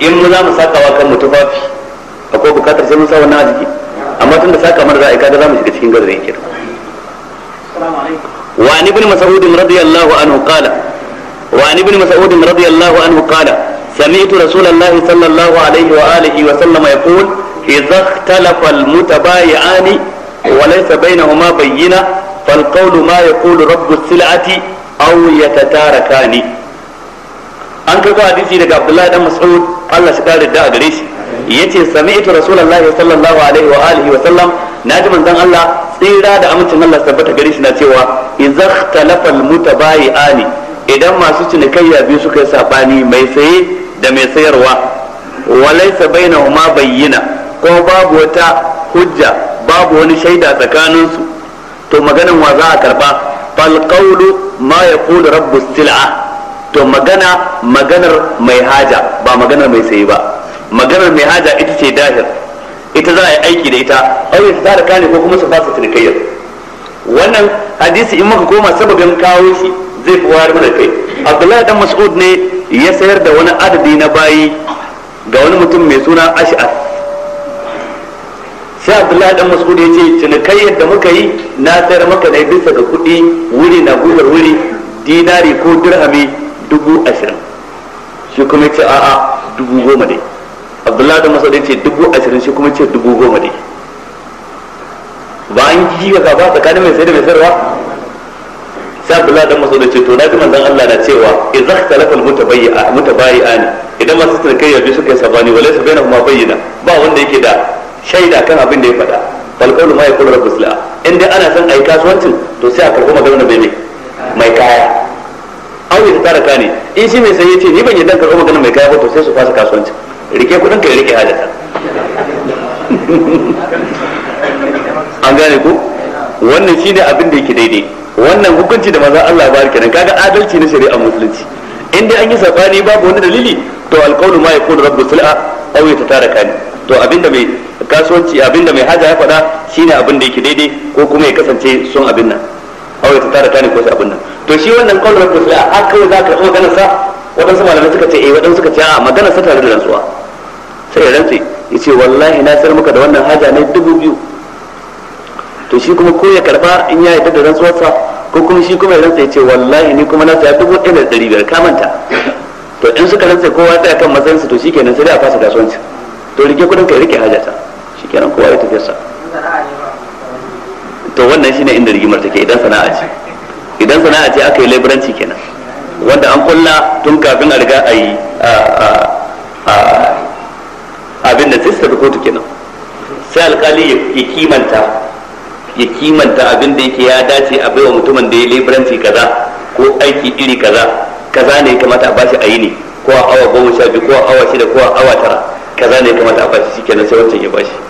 in mu za mu sakawa wa kanmu tufafi akwai bukatar sai mun sa wannan a jiki amma tunda saka mana za a yi kaga za mu shiga cikin gazarin kenan وعن ابن مسعود رضي الله عنه قال وعن ابن مسعود رضي الله عنه قال سمعت رسول الله صلى الله عليه وآله وسلم يقول إذا اختلف المتبايعان وليس بينهما بينة fal qawlu ma yaqulu rabbu sil'ati aw yatatarakani an kai karɓo hadisi daga Abdullahi dan Mas'ud Allah shi kare da gare shi yace sami'tu rasulullahi sallallahu alaihi wa wa sallam naji manzon Allah tsira da amincin Allah tabbata gare shi na cewa idza ikhtalafa almutabayi'ani idan masu cinikayya biyu suka yi saɓani mai saye da mai sayarwa bai bainahuma bayyina ko babu wata hujja babu wani shaida tsakaninsu to maganan wa za a karba fal qawlu ma yaqulu rabbu, sil'a to magana maganar mai haja ba maganar mai sayi ba maganar mai haja ita ce dahir ita za a yi aiki da ita aure ta da kane ko kuma su fasa cinikayyar wannan hadisi in muka koma sababin kawo shi zai fi wayar mana kai abdullahi dan mas'ud ne ya sayar da wani adadi na bayi ga wani mutum mai suna ash'ath sai abdullahi dan mas'ud ya ce cinikai yadda muka yi na sayar maka ne bisa ga kudi wuri na gudar wuri dinari ko dirhami dubu ashirin shi kuma ce a'a dubu goma ne abdullahi dan mas'ud ya ce dubu ashirin shi kuma ce dubu goma ne ba an yi ga gaba tsakanin mai sayar da mai sayarwa sai abdullahi dan mas'ud ya ce to na ji manzon Allah na cewa idza ikhtalafa al-mutabayyi'ani idan masu cinikayya biyu suka yi sabani walaysa bainahuma bayyina ba wanda yake da shaida kan abin da ya faɗa bal qawlu ma yaqulu rabbus la in dai ana son ai kasuwancin to sai a karɓi maganar bai mai mai kaya an yi tara ka in shi mai sai ce ni ban yadda karɓi maganar mai kaya ba to sai su fasa kasuwanci rike kuɗin ka ya rike hajata an gane ku wannan shi ne abin da yake daidai wannan hukunci da maza Allah ba rike nan kaga adalci na shari'a musulunci in dai an yi sabani babu wani dalili to alqawlu ma yaqulu rabbus la aw yatataraka to abinda mai kasuwanci abinda mai haja ya faɗa shine abin da yake daidai ko kuma ya kasance sun abin nan aure ta tara ta ne ko abin nan to shi wannan kwallon da sai a kawai za ka magana sa waɗansu malamai suka ce eh waɗansu suka ce a magana sa tare da rantsuwa sai ya rantse ya ce wallahi na sayar maka da wannan haja ne dubu biyu to shi kuma ko ya karba in ya yi da rantsuwarsa ko kuma shi kuma ya rantse ya ce wallahi ni kuma na saya dubu ɗaya da ɗari biyar ka manta to in suka rantse kowa ya tsaya kan matsayinsa to shi kenan sai dai a fasa kasuwanci to rike kudin ka rike hajata shikenan kowa ya tafi sa to wannan shine inda rigimar take idan sana'a ce idan sana'a ce aka yi laburanci kenan wanda an kulla tun kafin a riga a yi abin da sai su kotu kenan sai alkali ya kimanta ya kimanta abin da yake ya dace a baiwa mutumin da ya laburanci kaza ko aiki iri kaza kaza ne kamata a bashi a yi ne ko a awa goma sha biyu ko a awa shida ko a awa tara kaza ne kamata a bashi shikenan sai wancan ya bashi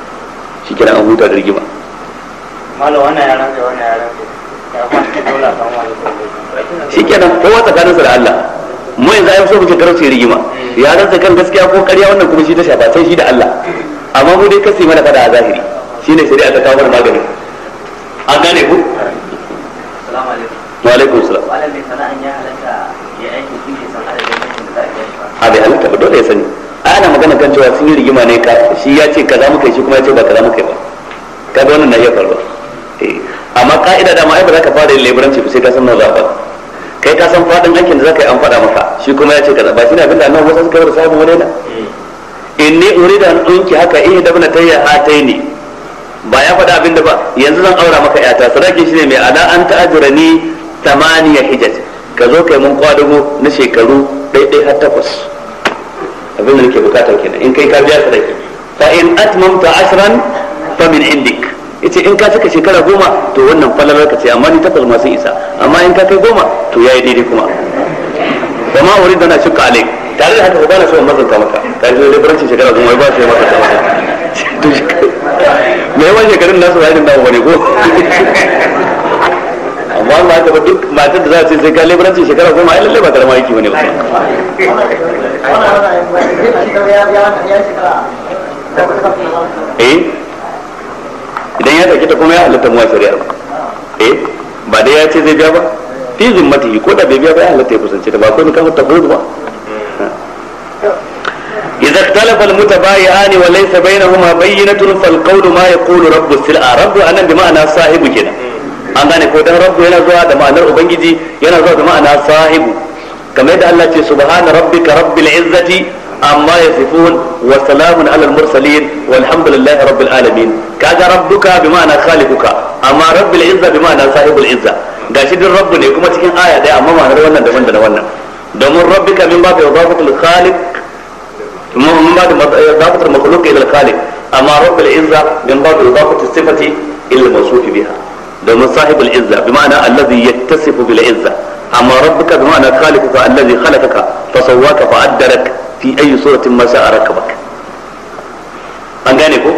shi kenan an huta da rigima malam wannan ya rantsa wannan ya rantsa ya dole a samu wani shi kenan kowa tsakaninsa da Allah mu yanzu ai so muke karo su rigima hmm. ya rantsa kan gaskiya ko ƙarya wannan kuma shi ta shafa sai shi da Allah amma mu dai kasi mana fada a zahiri shine shari'a ta kawo magani an gane ku assalamu alaikum wa alaikum salam malam mai sana'an ya halatta ya aiki kike san adadin da za a ba dole ya sani ana magana kan cewa sun yi rigima ne ka shi ya ce kaza muka yi shi kuma ya ce ba kaza muka yi ba kaga wannan na iya faruwa eh, amma ka'ida da ai ba za ka fara yin leburanci sai ka san nawa za kai ka san fadin aikin da za ka yi an faɗa maka shi kuma ya ce kaza ba shi ne abinda annabi wasu suka yi da sahabin wani na inni urida an dunki haka eh da bana tayya ataini ba ya faɗa da ba yanzu zan aura maka yata sadaki shine mai ala an ta'ajura ni tamaniya hijaj ka zo kai mun kwadugo na shekaru ɗaiɗai har takwas abin da nake bukata kenan in kai ka biya ka sadaki fa in atmamta asran fa min indik yace in ka saka shekara goma to wannan falalar ka ce amma ni takwas masu isa amma in ka kai goma to yayi daidai kuma da ma da na shukka alek tare da haka ba na so mazanta maka ka ji da barci shekara goma ba sai maka to me yawan shekarun nasu ba da ba ne ko amma ba ta ba duk matar da za ce sai ka leburanci shekara goma ai lalle ba karama aiki bane ba eh idan ya dauki ta kuma ya halatta muwa shari'a eh ba dai ya ce zai biya ba fi zimmatihi ko da bai biya ba ya halatta ya kusance ta ba ko ni kamar tabbur ba إذا اختلف المتبايعان وليس بينهما بينة فالقول ما يقول رب السلعة رب أنا بمعنى صاحب كده an gane ko dan rabbu yana zuwa da ma'anar ubangiji yana zuwa da ma'ana sahibu kamar yadda Allah ce subhana rabbika rabbil izzati amma yasifun wa salamun alal mursalin walhamdulillahi rabbil alamin kaga rabbuka bi ma'ana khaliquka amma rabbil izza bi ma'ana sahibul izza gashi din rabbu ne kuma cikin aya daya amma ma'anar wannan daban da wannan domin rabbika min babu idafatul khaliq min da idafatul makhluq ila al khaliq amma rabbil izza min babu idafatul sifati ila al mawsuf biha domin sahibul izza bi ma'ana allazi yattasifu bil izza amma rabbuka bi ma'ana khaliquka allazi khalaqaka fa sawwaka fa addarak fi ayi suratin ma sha'a rakabak an gane ko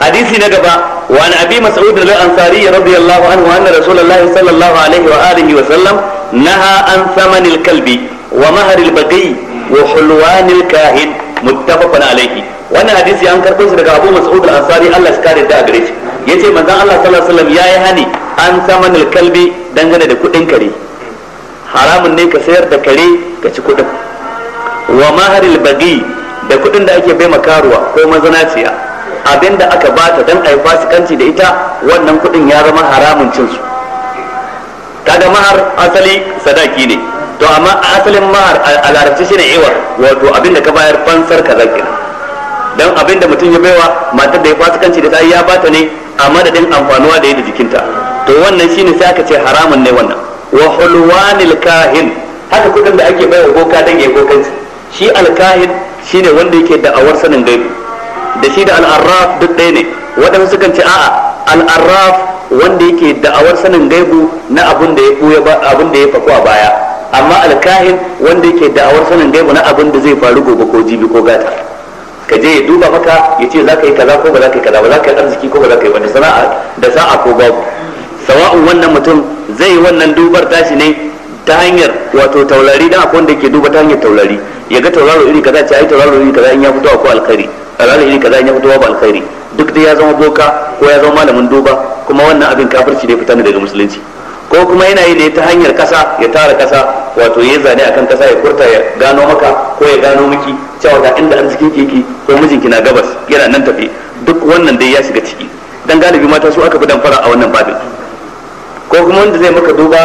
hadisi na gaba wa an abi mas'ud al-ansari radiyallahu anhu anna rasulullahi sallallahu alaihi wa alihi wa sallam naha an thamanil kalbi wa mahril baqi wa hulwanil kahin muttafaqun alayhi wannan hadisi an karɓo shi daga Abu Mas'ud al-Ansari Allah ya kare da gare shi yace manzon Allah sallallahu alaihi wasallam yayi hani an samanul kalbi dangane da kudin kare haramun ne ka sayar da kare ka ci kudin wa maharil bagi da kudin da ake bai makaruwa ko mazanaciya abinda aka bata dan ai fasikanci da ita wannan kudin ya zama haramun cin su kaga mahar asali sadaki ne to amma asalin mahar a larabci shine iwar wato abinda ka bayar fansar ka zaki dan abinda mutum ya baiwa matar da ya kanci da ta ya bata ne a madadin amfanuwa da ya da jikinta to wannan shine sai aka ce haramun ne wannan wa hulwanil kahin haka kudin da ake baiwa boka dan yayi bokanci shi alkahin shine wanda yake da'awar sanin gaibi da shi da al-arraf duk ɗaya ne waɗansu sukan ce a'a al-arraf wanda yake da'awar sanin gaibu na abin da ya faku a baya amma alkahin wanda yake da'awar sanin gaibu na abin da zai faru gobe ko jibi ko gata ka je ya duba maka ya ce za ka yi kaza ko ba za ka yi kaza ba za ka yi arziki ko ba za ka yi ba da sana'a da sa'a ko babu sawa'un wannan mutum zai yi wannan dubar tashi ne ta hanyar wato taurari dan akwai wanda yake duba ta hanyar taurari ya ga tauraro iri kaza ce ai tauraro iri kaza in ya fito ko alkhairi tauraro iri kaza in ya fito ba alkhairi duk da ya zama boka ko ya zama malamin duba kuma wannan abin kafirci ne fitar daga musulunci ko kuma yana yi ne ta hanyar kasa ya tara kasa wato ya zane akan kasa ya furta ya gano maka ko ya gano miki cewa ga inda arzikin ki ko mijinki na gabas yana nan tafi duk wannan dai ya shiga ciki dan galibi mata su aka fi fara a wannan babin ko kuma wanda zai maka duba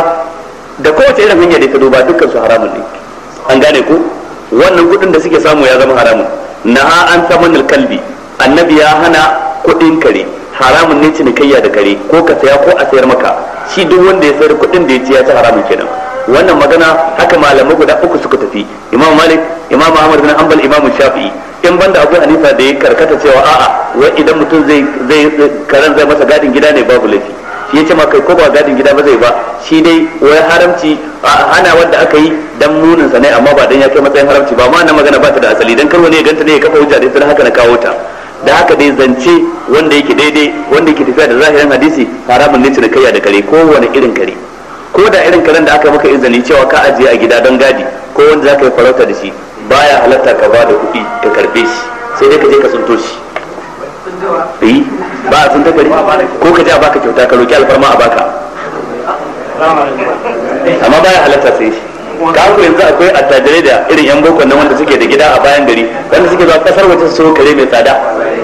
da kowace irin hanya da ka duba dukkan su haramun ne an gane ku wannan kudin da suke samu ya zama haramun na an samanul kalbi annabi ya hana kudin kare haramun ne cinikayya da kare ko ka saya ko a sayar maka shi duk wanda ya sayar kuɗin da ya ci ya ci haramun kenan wannan magana haka malamai guda uku suka tafi imam malik imam ahmad bin hanbal imam shafi'i in banda abu hanifa da ya karkata cewa a'a wai idan mutum zai zai karan zai masa gadin gida ne babu laifi shi yace ma kai ko ba gadin gida ba zai ba shi dai wai haramci ana wanda aka yi dan munin sa ne amma ba dan ya kai matsayin haramci ba ma wannan magana ba ta da asali dan kar wani ya ganta ne ya kafa hujja da ita haka na kawo ta da haka dai zance wanda yake daidai wanda yake tafiya da zahirin hadisi haramun ne cinikayya da kare wani irin kare ko da irin karen da aka maka izini cewa ka ajiye a gida don gadi ko wanda zaka yi farauta da shi baya halatta ka ba da kuɗi ka karbe shi sai dai ka je ka tsinto shi eh ba a tsinta kare ko ka je a baka kyauta ka roki alfarma a baka amma baya halatta sai shi kawo yanzu akwai attajirai da irin yan bokon nan wanda suke da gida a bayan gari wanda suke zuwa kasar wajen su kare mai tsada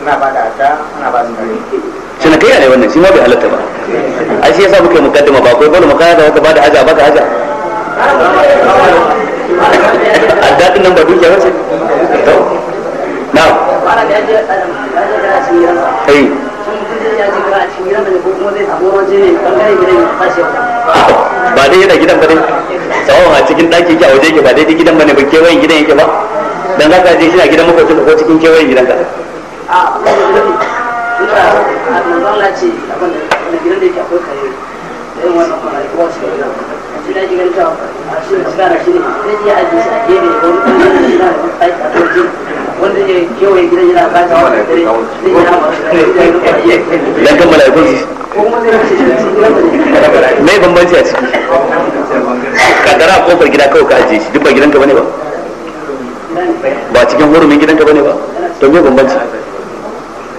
ana ba da ta ana ba su kare shi na kai ne wannan shi ma bai halatta ba ai shi yasa muke ba kai bane makaya da wata ba da haja ba ka haja addadin nan ba ba ce to na ba dai yana gidan ba dai tsawon a cikin daki ke a waje ke ba dai gidan ba ne ba kewayen gidan yake ba dan za ka je shi a gidan makwacin ko cikin kewayen gidan ka a kuma da gidan da a manzon la ce abin da gidan da yake akwai kare da yin wannan kwana ko wasu kare a shi da gidan ta a shi da tsara shi ne zai iya ajiye shi ne ko wani ɓangaren shi na da aiki a turjin wanda ya kewaye gidan yana ba ta wani dare zai yana masu kare da kan mala'ikun su ko kuma zai kashe shi da cikin gidan mai bambanci a ciki kaddara a kofar gida kawai ka ajiye shi duk ba gidanka bane ba ba cikin hurumin gidanka bane ba to me bambanci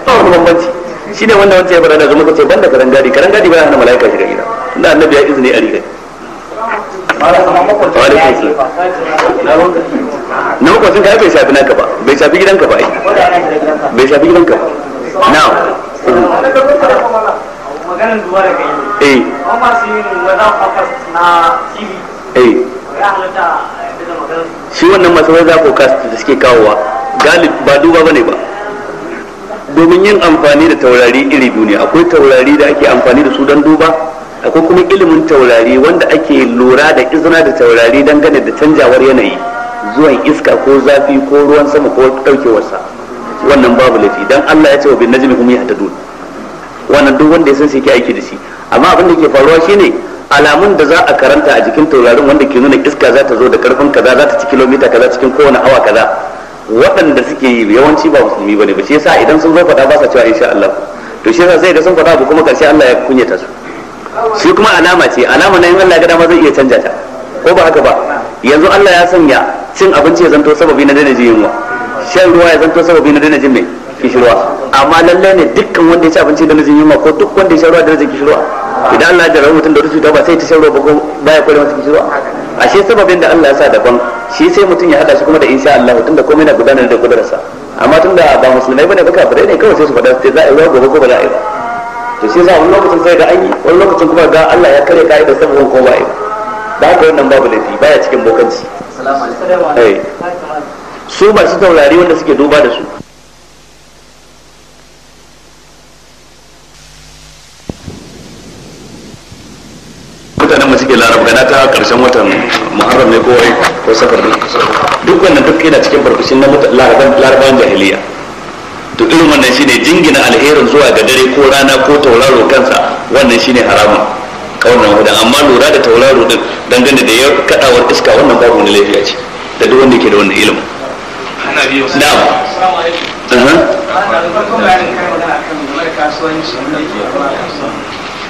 ba wani bambanci shi ne wanda wancan ya faɗa da zama ka karan gadi karan gadi ba hana mala'ika shiga gida tunda annabi ya izini a riga na makwacin ka bai shafi naka ba bai shafi gidanka ba bai shafi gidanka ba eh. na eh na tv eh ya shi wannan masu wadda focus da suke kawowa galib ba duba bane ba domin yin amfani da taurari iri biyu ne akwai taurari da ake amfani da su don duba akwai kuma ilimin taurari wanda ake lura da izina da taurari dangane da canjawar yanayi zuwan iska ko zafi ko ruwan sama ko daukewarsa wannan babu laifi dan Allah ya ce wa bin najmi hum yahtadun wannan duk wanda ya san sai ke aiki da shi amma abin da ke faruwa shi ne alamun da za a karanta a jikin taurarin wanda ke nuna iska za ta zo da karfin kaza za ta ci kilomita kaza cikin kowane awa kaza waɗanda suke yi yawanci ba musulmi bane ba shi yasa idan sun zo faɗa ba sa cewa insha Allah to shi yasa sai da sun faɗa ba kuma karshe Allah ya kunyata su shi kuma alama ce alama na in Allah ya ga dama zai iya canja ta ko ba haka ba yanzu Allah ya sanya cin abinci ya zanto sababi na daina jin yunwa shan ruwa ya zanto sababi na daina jin mai kishirwa amma lalle ne dukkan wanda ya ci abinci da nazin yunwa ko duk wanda ya sha ruwa da jin kishirwa idan Allah ya jarabi mutum da wata cuta ba sai ta sha ruwa ba ko baya kware masa kishirwa ashe sababin da Allah ya sa daban shi sai mutum ya hada shi kuma da insha Allah da komai na gudanar da kudararsa amma tun da ba musulmai bane baka bare ne kawai sai su faɗa sai za a yi gobe ko ba za a yi ba to shi sai wani lokacin sai ga an yi wani lokacin kuma ga Allah ya kare da sabon ko ba yi ba haka wannan babu laifi baya cikin bokanci eh. su masu taurari wanda suke duba da su ke muke larabgana ta karshen watan muharram ne ko wai ko safar ne duk wannan duk yana cikin barkushin na larabar larabar jahiliya to irin wannan shine jingina alherin zuwa ga dare ko rana ko tauraro kansa wannan shine haramun kaunan hudan amma lura da tauraro din dangane da yau kadawar iska wannan babu wani lafiya ce da duk wanda ke da wannan ilimin na'am uh-huh.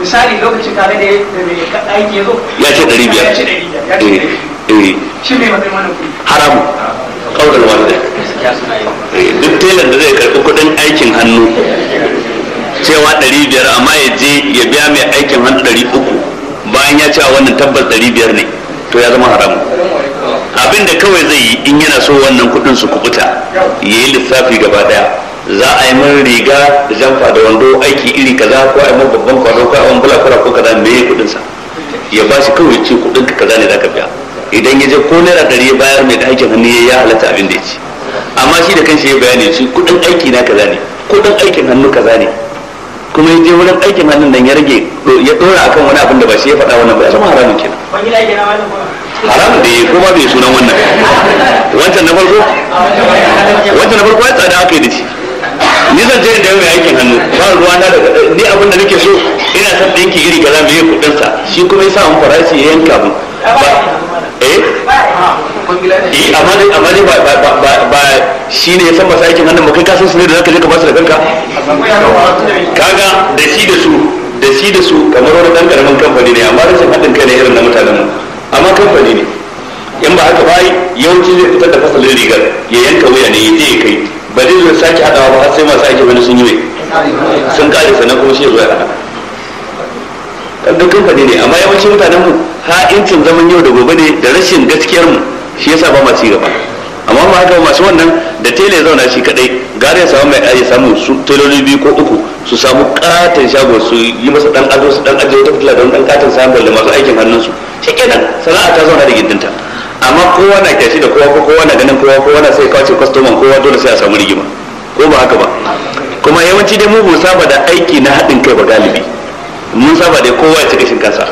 misali lokacin kare da aiki zo ya ce ɗari biyar eh, eh. shi ne matsayin kuɗi haramu kaunar wanda eh, duk telan da zai karɓi kuɗin aikin hannu cewa ɗari biyar amma ya je ya biya mai aikin hannu ɗari uku bayan ya cewa wannan tabbas ɗari biyar ne to ya zama haramu abinda kawai zai yi in yana so wannan kuɗin su kubuta ya yi lissafi gaba ɗaya za a yi min riga da jamfa da wando aiki iri kaza ko a yi min babban kwado ko a yi min kura ko kaza me kudin sa ya ba shi kawai ce kudin ka kaza ne zaka biya idan ya je ko naira dari ya bayar mai da aikin hannu ya halatta abin da ya ci amma shi da kanshi ya bayani shi kudin aiki na kaza ne kudin aikin hannu kaza ne kuma ya je wurin aikin hannun nan ya rage ya dora akan wani abin da ba shi ya faɗa wannan ba ya zama haramun kenan haramun da ya ko ba bai sunan wannan wancan na farko wancan na farko ya tsada aka yi da shi ni zan je da mai aikin hannu ba ruwa na daga ni abin da nake so ina son ɗinki iri kaza mai kuɗin sa shi kuma ya sa mun farashi ya yanka mu eh eh amma dai amma dai ba ba ba ba shine ya san ba masa aikin hannu ba kai ka san su ne da zaka je ka ba su da kanka kaga da shi da su da shi da su kamar wani dan karamin kamfani ne amma rashin haɗin kai ne irin na mutanen mu amma kamfani ne in ba haka ba yawanci zai fitar da fasalin rigar ya yanka wuya ne ya je ya kai ba zai sake hadawa ba har sai masu aiki wani sun yi sun kare sannan kuma shi ya zo ya kan dukkan fadi ne amma yawancin mutanen mu ha'incin zaman yau da gobe ne da rashin gaskiyar mu shi yasa ba masu gaba amma ma haka masu wannan da tele zauna shi kadai gare ya samu mai aji samu su teloli biyu ko uku su samu katon shago su yi masa dan ado su dan ajiye ta fitila don dan katon samun da masu aikin hannunsu shi kenan sana'a ta zauna da gindinta amma kowa na kyashi da kowa ko kowa na ganin kowa kowa na sai kawace kwastoman kowa dole sai a samu rigima ko ba haka ba kuma yawanci dai mu mun saba da aiki na haɗin kai ba galibi mun saba da kowa ya ci gashin kansa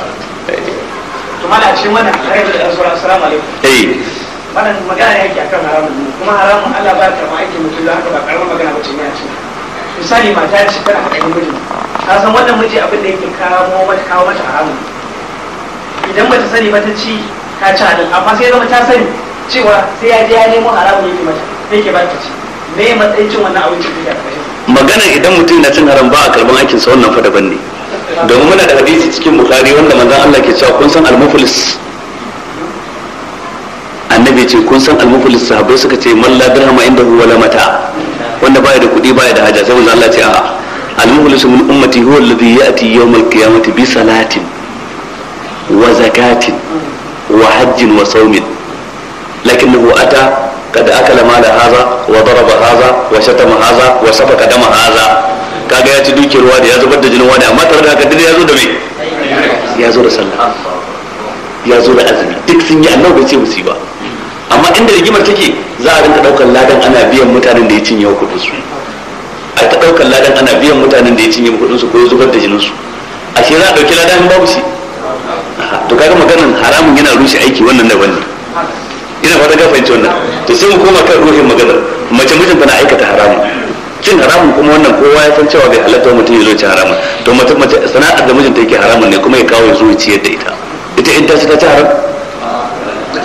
tumana shi mana kare da assalamu alaikum eh wannan magana yake akan haramun kuma haramun Allah ba ta ma aiki mutum haka ba karamar magana ba ce ne a cikin misali mata ce tana haɗa miji ta san wannan miji abin da yake kawo mata kawo mata haramun idan bata sani ba ta ci ka ci halal amma sai zama ta sani cewa sai ya je ya nemo haramu yake mata yake ba ta ci me matsayin cin wannan abincin da ya magana idan mutum na cin haram ba a karban aikin sa wannan fa daban ne domin muna da hadisi cikin bukhari wanda manzon Allah ke cewa kun san al-muflis annabi ce kun san al-muflis sahabbai suka ce man la dirhama huwa wala mata wanda baya da kudi baya da haja sai manzon Allah ce a al-muflis min ummati huwa alladhi ya'ti yawm al-qiyamati bi salatin wa zakatin وحج وصوم لكنه أتى قد أكل مال هذا وضرب هذا وشتم هذا وسفك دم هذا kaga ya ci ruwa da ya zubar da jinin wani amma tare da haka duk ya zo da mai ya zo da sallah ya zo da azumi duk sun yi annabi bai ce musu ba amma inda rigimar take za a rinka daukar ladan ana biyan mutanen da ya cinye wa kudin su a ta daukar ladan ana biyan mutanen da ya cinye wa kudin su ko ya zubar da jinin su a shi za a dauki ladan babu shi to kaga maganan haramun yana rushe aiki wannan da wannan ina fata ka fahimci wannan to sai mu koma kan ruhin maganar mace mijinta na aikata haramun cin haramun kuma wannan kowa ya san cewa bai halatta mutum ya zo ci haramun to mace mace sana'ar da mijinta yake haramun ne kuma ya kawo ya zo ya ciyar da ita ita in ta ci ta ci haram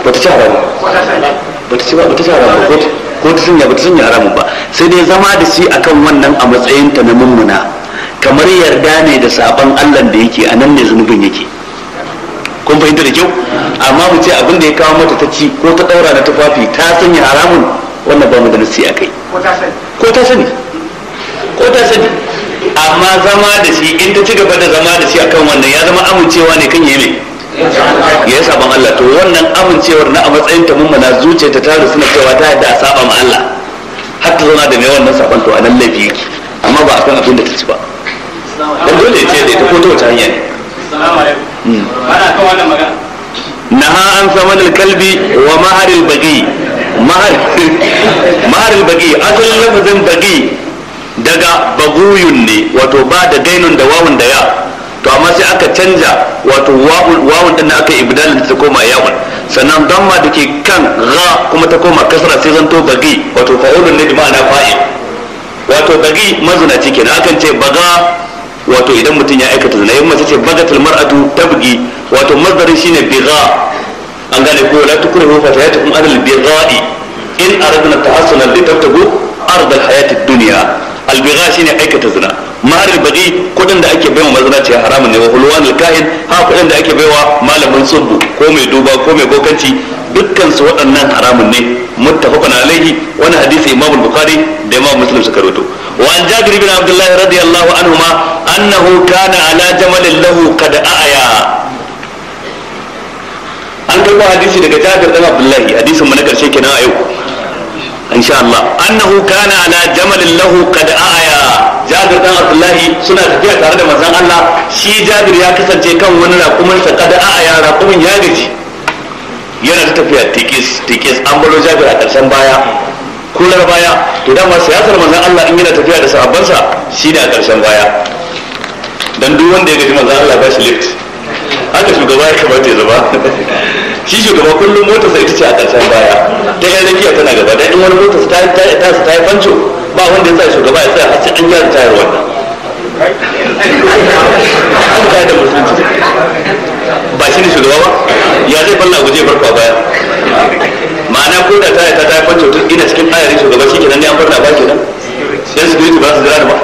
ba ta ci haram ba ta ci ba ta ci haram ba ko ta sanya ba ta sanya haramun ba sai dai zama da shi akan wannan a matsayin ta na mummuna kamar yarda ne da sabon Allah da yake a nan ne zunubin yake kun fahimta da kyau amma mu ce abin da ya kawo mata ta ci ko ta daura na tufafi ta sanya haramun wannan ba mu da nasi a kai ko ta sani ko ta sani amma zama da shi in ta ci gaba da zama da shi akan wannan ya zama amincewa ne kan yi ya yi sabon Allah to wannan amincewar na a matsayin ta mummuna zuciyarta ta rusuna cewa ta yadda a saba ma Allah har ta zauna da mai wannan sabon to a nan laifi yake amma ba a kan abin da ta ci ba dan dole ya ce da ita ko ta wace hanya ne ana kan wannan magana naha an saman kalbi wa maharil bagi maharil bagi asalin lafazin bagi daga baguyun ne wato ba da gainun da wawun da ya to amma sai aka canja wato wawun din da aka yi ibdal ta koma yawon sannan damma da ke kan ra kuma ta koma kasra sai zanto bagi wato fa'ulun ne bi ma'ana fa'il wato bagi mazinaci kenan akan ce baga wato idan mutum ya aikata zina in mace ce bagatul mar'atu tabgi wato mazdarin shine bigha an gane ko la tukrihu kum anil bigha'i in aradna tahassuna li tabtagu ard al ad dunya al bigha shine aikata zina mahar bagi kudin da ake baiwa ce haramun ne wa hulwan al kahin ha kudin da ake baiwa malamin subbu ko mai duba ko mai bokanci dukkan su waɗannan haramun ne muttafaqun alaihi wani hadisi imam bukhari da imam muslim suka rawaito Wan جابر بن عبد الله رضي الله عنهما أنه كان على an karɓo hadisi daga jabir ɗan abdullahi hadisin na ƙarshe kenan a yau insha Allah annahu kana ala jamalin lahu aaya jabir ɗan abdullahi suna tafiya tare da mazan Allah shi jabir ya kasance kan wani raƙumin sa qad aaya raƙumin ya gaji yana ta tafiya tikis tikis an baro jabir a ƙarshen baya kular baya to dama siyasar manzon Allah in yana tafiya da sahabbansa shine a karshen baya dan duk wanda ya gaji manzon Allah ba shi lift haka shugaba ya kamata ya zama shi shugaba kullum motar sai tace ce a karshen baya ta yan rakiya tana gaba da in wani motar ta ta ta ta yi fanco ba wanda ya sa shugaba ya tsaya har sai an gyara tayar wannan an kai da musulunci ba shi ne shugaba ba ya zai falla guje farko a baya ma'ana ko da ta ta haifar cutar ina cikin ayari gaba shi nan ne an farna ba ke kenan yan security ba su jira ba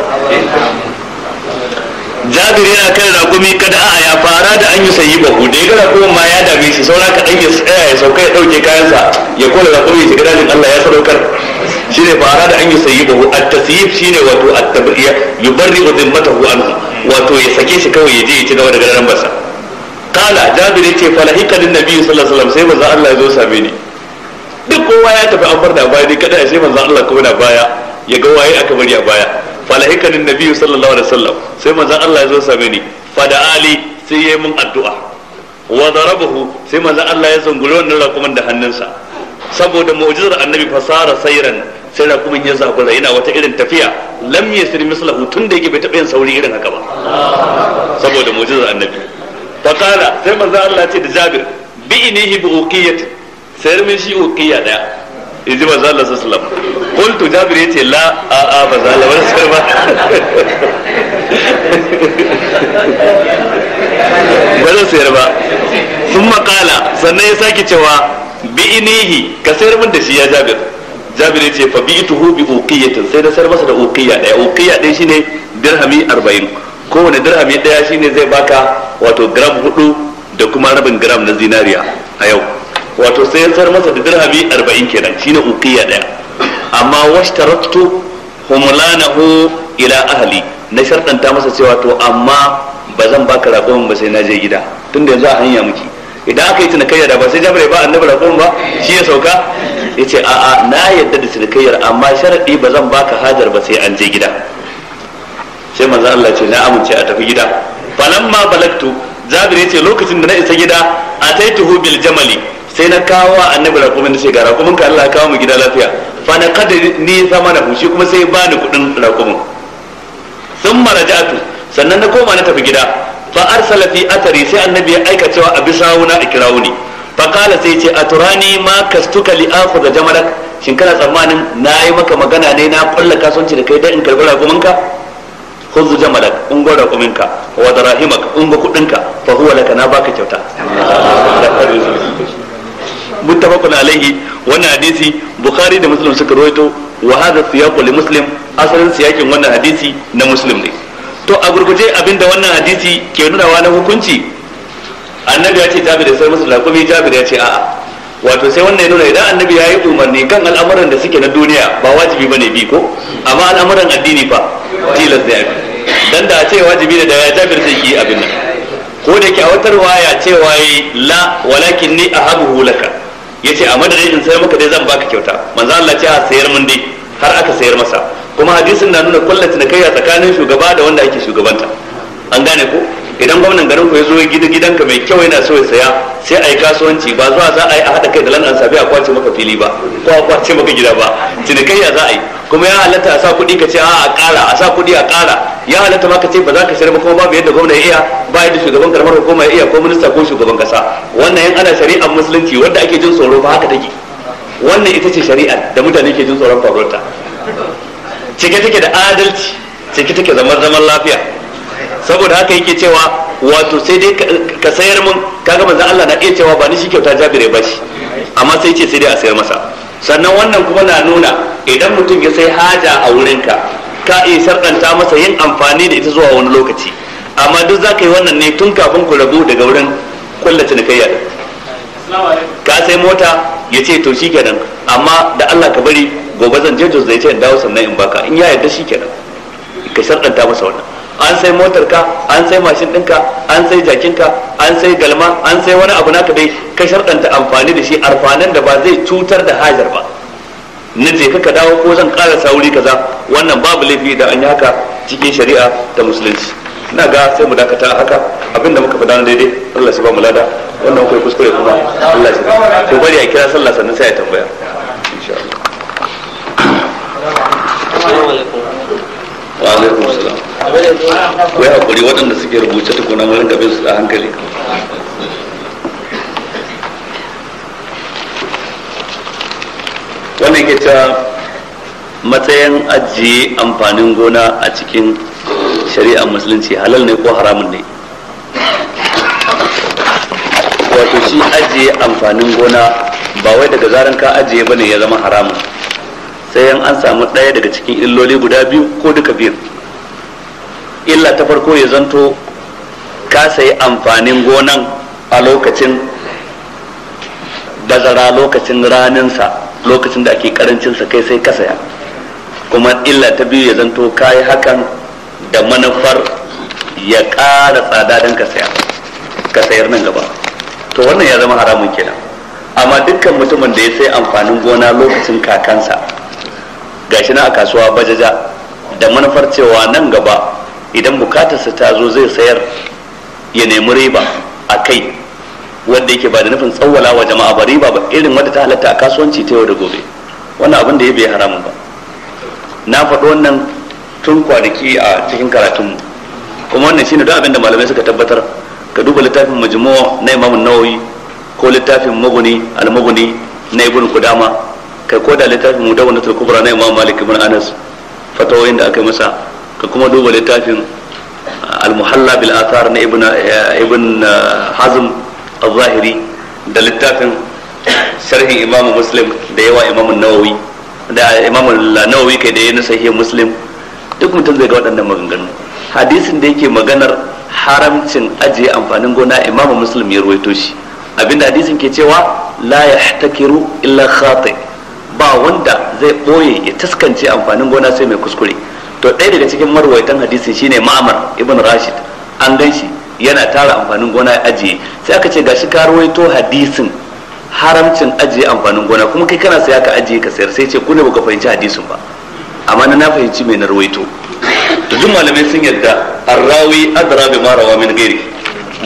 jabir yana kan ragumi kada a ya fara da an yi sayi ku. da ya ga kuma ma ya dame shi saura kaɗan ya tsaya ya sauka ya ɗauke kayansa ya kola rakumi ya shiga dajin Allah ya sadaukar shi ne fara da an yi sayi ku. a tasiyif shi ne wato a tabiya yubarri udin matahu anhu wato ya sake shi kawai ya je ya ci gaba da gararan basa kala jabir ya ce falahika din nabi sallallahu alaihi wasallam sai maza Allah ya zo same ni duk kowa ya tafi an bar da baya dai kada sai manzo Allah kuma na baya ya ga waye aka bari a baya falahikanin nabiyyu sallallahu alaihi wasallam sai manzo Allah ya zo same ni fada ali sai yayi mun addu'a wa darabahu sai manzo Allah ya zungulo wannan rakuman da hannunsa saboda mu'jizar annabi fasara sairan sai rakuman ya zakura yana wata irin tafiya lam yasir mislahu tun da yake bai taɓa yin sauri irin haka ba saboda mu'jizar annabi fa sai manzo Allah ya ce da Jabir bi inihi bi uqiyatin sayar min shi uqiya daya yaji manzo Allah sallallahu alaihi wasallam qultu jabir yace la a a ba za ba sayar ba ba zan sayar ba sun makala sannan ya sake cewa bi inihi ka sayar min da shi ya jabir jabir yace ce fa bi ituhu bi uqiyatin sai da sayar masa da uqiya daya uqiya daya shine dirhami 40 kowane dirhami daya shine zai baka wato gram hudu da kuma rabin gram na zinariya a yau wato sai ya tsar masa da dirhami arba'in kenan shine uqiya daya amma washtaratu humlanahu ila ahali. na shartanta masa cewa to amma ba zan baka raƙon ba sai na je gida tunda yanzu a hanya muke idan aka yi cinikayyar da ba sai jabir ba annabi raƙon ba shi ya sauka ya ce a'a na yadda da cinikayyar amma sharaɗi ba zan baka hajar ba sai an je gida sai manzo Allah ce na amince a tafi gida falamma balagtu jabir ya ce lokacin da na isa gida ataituhu bil biljamali. sai na kawo annabi rakumin na shekara kuma ka Allah kawo mu gida lafiya fa na kada ni sama na fushi kuma sai ba ni kudin rakumin sun marajatu sannan na koma na tafi gida fa arsala fi atari sai annabi ya aika cewa a bisa wuna a kirawo ni fa kala sai ce aturani ma kastuka li akhudha jamalak shin kana tsammanin yi maka magana ne na kulla kasuwanci da kai dan in karbi rakumin ka khudhu jamalak in gwa rakumin ka wa darahimak in kudin ka fa huwa laka na baka kyauta muttafaqun alaihi wannan hadisi bukhari da muslim suka rawaito wa hadha siyaqu li muslim asalin siyakin wannan hadisi na muslim ne to a gurguje abinda wannan hadisi ke nuna wa na hukunci annabi ya ce da sai musu lakumi jabir ya ce a'a wato sai wannan ya nuna idan annabi ya yi umarni kan al'amuran da suke na duniya ba wajibi bane bi ko amma al'amuran addini fa tilas da yafi dan da a ce wajibi ne da ya tabi sai ki abin nan ko da yake a wata riwaya cewa yi la walakin ni ahabuhu laka ya ce a madadin in sayar maka dai zan baka kyauta manzo Allah ce a sayar mun dai har aka sayar masa kuma hadisin na nuna kullatin kai a tsakanin shugaba da wanda ake shugabanta an gane ko idan gwamnan garin ku ya zo gida gidanka mai kyau yana so ya saya sai a yi kasuwanci ba zuwa za a yi a haɗa kai da lanan sabi a kwace maka fili ba ko a kwace maka gida ba cinikayya za a yi kuma ya halatta a sa kuɗi ka ce a ƙara a sa kuɗi a ƙara ya halatta ma ka ce ba za ka shirya ba kuma babu yadda gwamna ya iya ba yadda shugaban karamar hukuma ya iya ko minista ko shugaban kasa wannan yan ana shari'ar musulunci wanda ake jin tsoro ba haka take wannan ita ce shari'ar da mutane ke jin tsoron faruwarta cike take da adalci cike take zaman zaman lafiya saboda haka yake cewa wato sai dai ka sayar mun kaga manzon Allah na iya cewa ba ni shi kyauta jabire ba shi amma sai ce sai dai a sayar masa sannan wannan kuma na nuna idan mutum ya sai haja a wurin ka iya sarkanta masa yin amfani da ita zuwa wani lokaci amma duk za ka yi wannan ne tun kafin ku rabu daga wurin kulla cinikayya ka sai mota ya ce to shi kenan amma da Allah ka bari gobe zan je Jos da ce in dawo sannan in baka in ya yarda shi kenan ka sarkanta masa wannan an sai motar ka an sai mashin ɗinka an sai jakin ka an sai galma an sai wani abu naka dai ka sharɗanta amfani da shi amfanin da ba zai cutar da hajar ba na je ka dawo ko zan ƙara sauri kaza wannan babu laifi da an yi haka cikin shari'a da musulunci ina ga sai mu dakata haka abinda muka faɗa daidai Allah shi ba mu lada wannan kai kuskure kuma Allah shi to bari a kira sallah sannan sai ya tambaya insha Allah wa alaikum assalam wai hakuri waɗanda suke rubuce tukunan wurin gabe su a hankali Wani ke ta matsayin ajiye amfanin gona a cikin shari'ar musulunci halal ne ko haramun ne wato shi ajiye amfanin gona ba wai daga zaran ka ajiye ba ne ya zama haramun sai an samu ɗaya daga cikin illoli guda biyu ko duka biyu illa ta farko ya zanto ka sayi amfanin gonan a lokacin bazara lokacin raninsa lokacin da ake karancinsa kai sai ka saya kuma illa ta biyu ya zanto ka yi hakan da manufar ya ƙara tsada don ka saya ka sayar nan gaba to wannan ya zama haramun kenan amma dukkan mutumin da ya sai amfanin gona lokacin kakansa gashi na a kasuwa bajaja da manufar cewa nan gaba idan bukatarsa ta zo zai sayar ya nemi riba a kai wanda yake ba da nufin tsawwala wa jama'a ba riba ba irin wadda ta halatta a kasuwanci ta yau da gobe wannan abin da ya bai haramun ba na faɗi wannan tun kwanaki a cikin karatunmu kuma wannan shine duk abin da malamai suka tabbatar ka duba littafin majmu' na Imam Nawawi ko littafin Mughni al-Mughni na Ibn kai ko da littafin Mudawwanatul Kubra na Imam Malik ibn Anas fatawoyin da aka yi masa ka kuma duba littafin ah, al-muhalla bil athar na ibn eh, ibn ah, hazm al zahiri da littafin sharhin imamu muslim da yawa imamu nawawi da imamu nawawi kai da yana sahih muslim duk mutum zai ga waɗannan maganganu hadisin da yake maganar haramcin ajiye amfanin gona imamu muslim ya ruwaito shi abinda hadisin ke cewa la yahtakiru illa khati ba wanda zai boye ya taskance amfanin gona sai mai kuskure to ɗaya daga cikin marwaitan hadisi shine ma'amar ibn rashid an gan shi yana tara amfanin gona ya ajiye sai aka ce gashi ka rawaito hadisin haramcin ajiye amfanin gona kuma kai kana saya ka ajiye ka sayar sai ce ku ne baka fahimci hadisin ba amma na na fahimci mai na rawaito to duk malamai sun yadda arrawi adra bi marawa min ghairi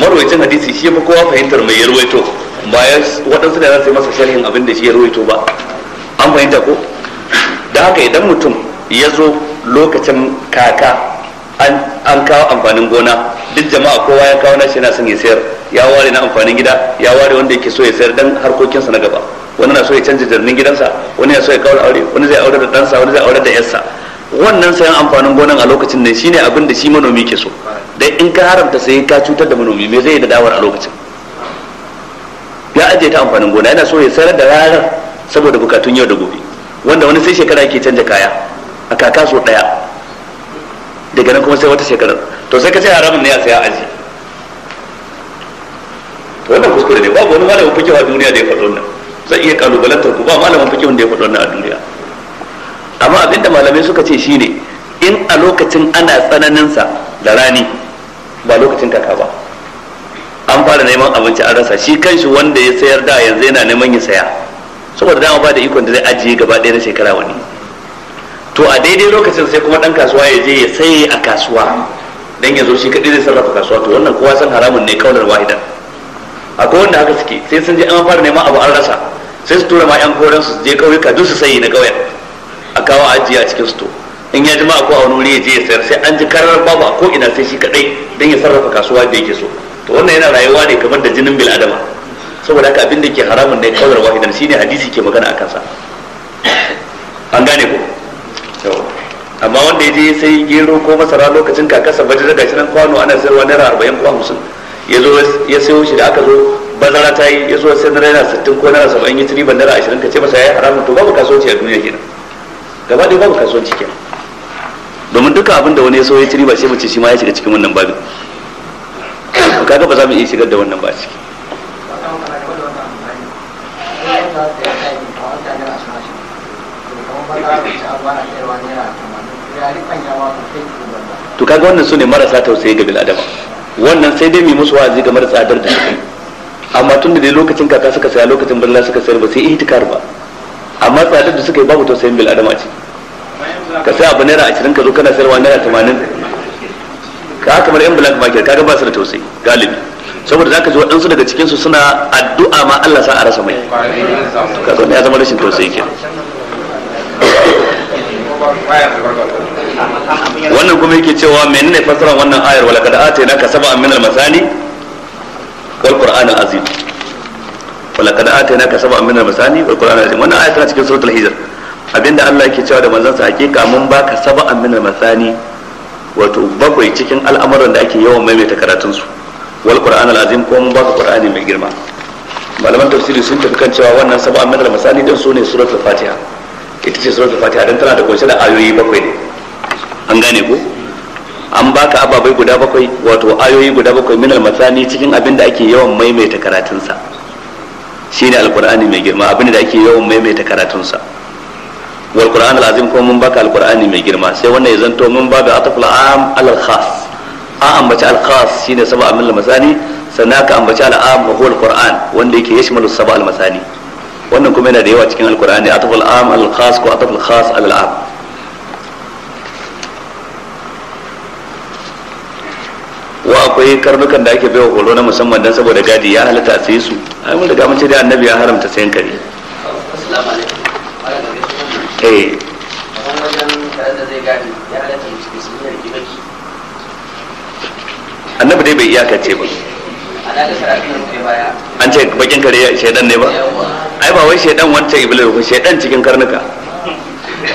marwaitan hadisi shi fa kowa fahimtar mai ya rawaito ba ya waɗansu da za su yi masa sharhin abin da shi ya rawaito ba an fahimta ko da haka idan mutum ya zo lokacin kaka an kawo amfanin gona duk jama'a kowa ya kawo nashi yana son ya sayar ya ware na amfanin gida ya ware wanda yake so ya sayar dan harkokinsa na gaba wani na so ya canza jarnin gidansa wani na so ya kawo aure wani zai aure da ɗansa wani zai aure da yarsa wannan sayan amfanin gonan a lokacin nan shine abin da shi manomi ke so dai in ka haramta sai ka cutar da manomi me zai da dawar a lokacin ya ajiye ta amfanin gona yana so ya sayar da ranar saboda bukatun yau da gobe wanda wani sai shekara yake canja kaya a kaka so daya daga nan kuma sai wata shekarar to sai ka ce haramun ne a saya aji to wannan kuskure ne babu wani malamin fikewa a duniya da ya faɗo nan zai iya kalubalantar ku ba malamin fikewa da ya faɗo nan a duniya amma abinda malamai suka ce shine in a lokacin ana tsananinsa da rani ba lokacin kaka ba an fara neman abinci an rasa shi kanshi wanda ya sayar da yanzu yana neman ya saya saboda dama ba da ikon da zai ajiye gaba ɗaya na shekara wani to a daidai lokacin sai kuma dan kasuwa ya je ya sai a kasuwa dan ya zo shi kadai zai sarrafa kasuwa to wannan kowa san haramun ne kaular wahidan akwai wanda haka suke sai sun je an fara neman abu an rasa sai su tura ma yan koren su je kauyuka duk su sayi na kauyen a kawo ajiya a cikin su to in ya jima ko a wani wuri ya je ya sayar sai an ji karar babu a ko ina sai shi kadai dan ya sarrafa kasuwa da yake so to wannan yana rayuwa ne kamar da jinin bil adama saboda haka abin da ke haramun ne kaular wahidan shine hadisi ke magana akan sa an gane ko amma wanda ya je sai gero ko masara lokacin kakasa baje daga shi nan kwano ana sayarwa naira arba'in ko hamsin ya zo ya sayo shi da aka zo bazara ta yi ya zo sai naira sittin ko naira saba'in ya tiri naira ashirin ka ce masa ya yi haramun to babu kasuwanci a duniya kenan gaba ɗaya babu kasuwanci kenan domin duka abin da wani ya so ya tiri ba sai mace shi ma ya shiga cikin wannan babin kaga ba za mu iya shigar da wannan ba ciki Thank you. to kaga wannan su ne marasa tausayi ga bil'adama wannan sai dai mai musu wa'azi game da tsadar da shi. amma tun da dai lokacin kaka suka saya lokacin birla suka sayar ba sai tukar ba amma tsadar da suka yi babu tausayin bil'adama ce ka sai abu naira ashirin ka zo kana sayarwa naira tamanin ka kamar yan black market kaga ba su da tausayi galibi saboda zaka ji waɗansu daga cikinsu suna addu'a ma Allah sa a rasa mai ka ne ya zama rashin tausayi kenan wannan kuma yake cewa menene fasara wannan ayar wala kada ate ka saba min al-masani wal qur'an al-azim wala kada ate ka saba min al-masani wal qur'an al-azim wannan ayar tana cikin suratul hijr abinda Allah yake cewa da manzon sa hakika mun baka saba min al-masani wato bakwai cikin al'amuran da ake yawan maimaita karatun su wal qur'an al-azim ko mun baka qur'ani mai girma malaman tafsiri sun tafi kan cewa wannan saba min al-masani din sune suratul fatiha ita ce suratul fatiha dan tana da kunshe da ayoyi bakwai ne an gane ko an baka ababai guda bakwai wato ayoyi guda bakwai min almasani cikin abin da ake yawan maimaita karatunsa shine alqur'ani mai girma abin da ake yawan maimaita karatunsa wal qur'an alazim kuma mun baka alqur'ani mai girma sai wannan ya zanto mun babu ataful am alal khas a ambaci al khas shine sab'a min masani sannan ka ambaci al am wa huwa qur'an wanda yake yashmalu sab'a masani wannan kuma yana da yawa cikin alkur'ani ataful am al khas ko ataful khas al am wa akwai karnukan da ake baiwa horo na musamman dan saboda gadi ya halatta a sayi su ai mun da mun ce da annabi ya haramta sayan kare eh annabi dai bai iyakace ba an ce bakin kare ya shaidan ne ba ai ba wai shaidan wanta iblis ba shaidan cikin karnuka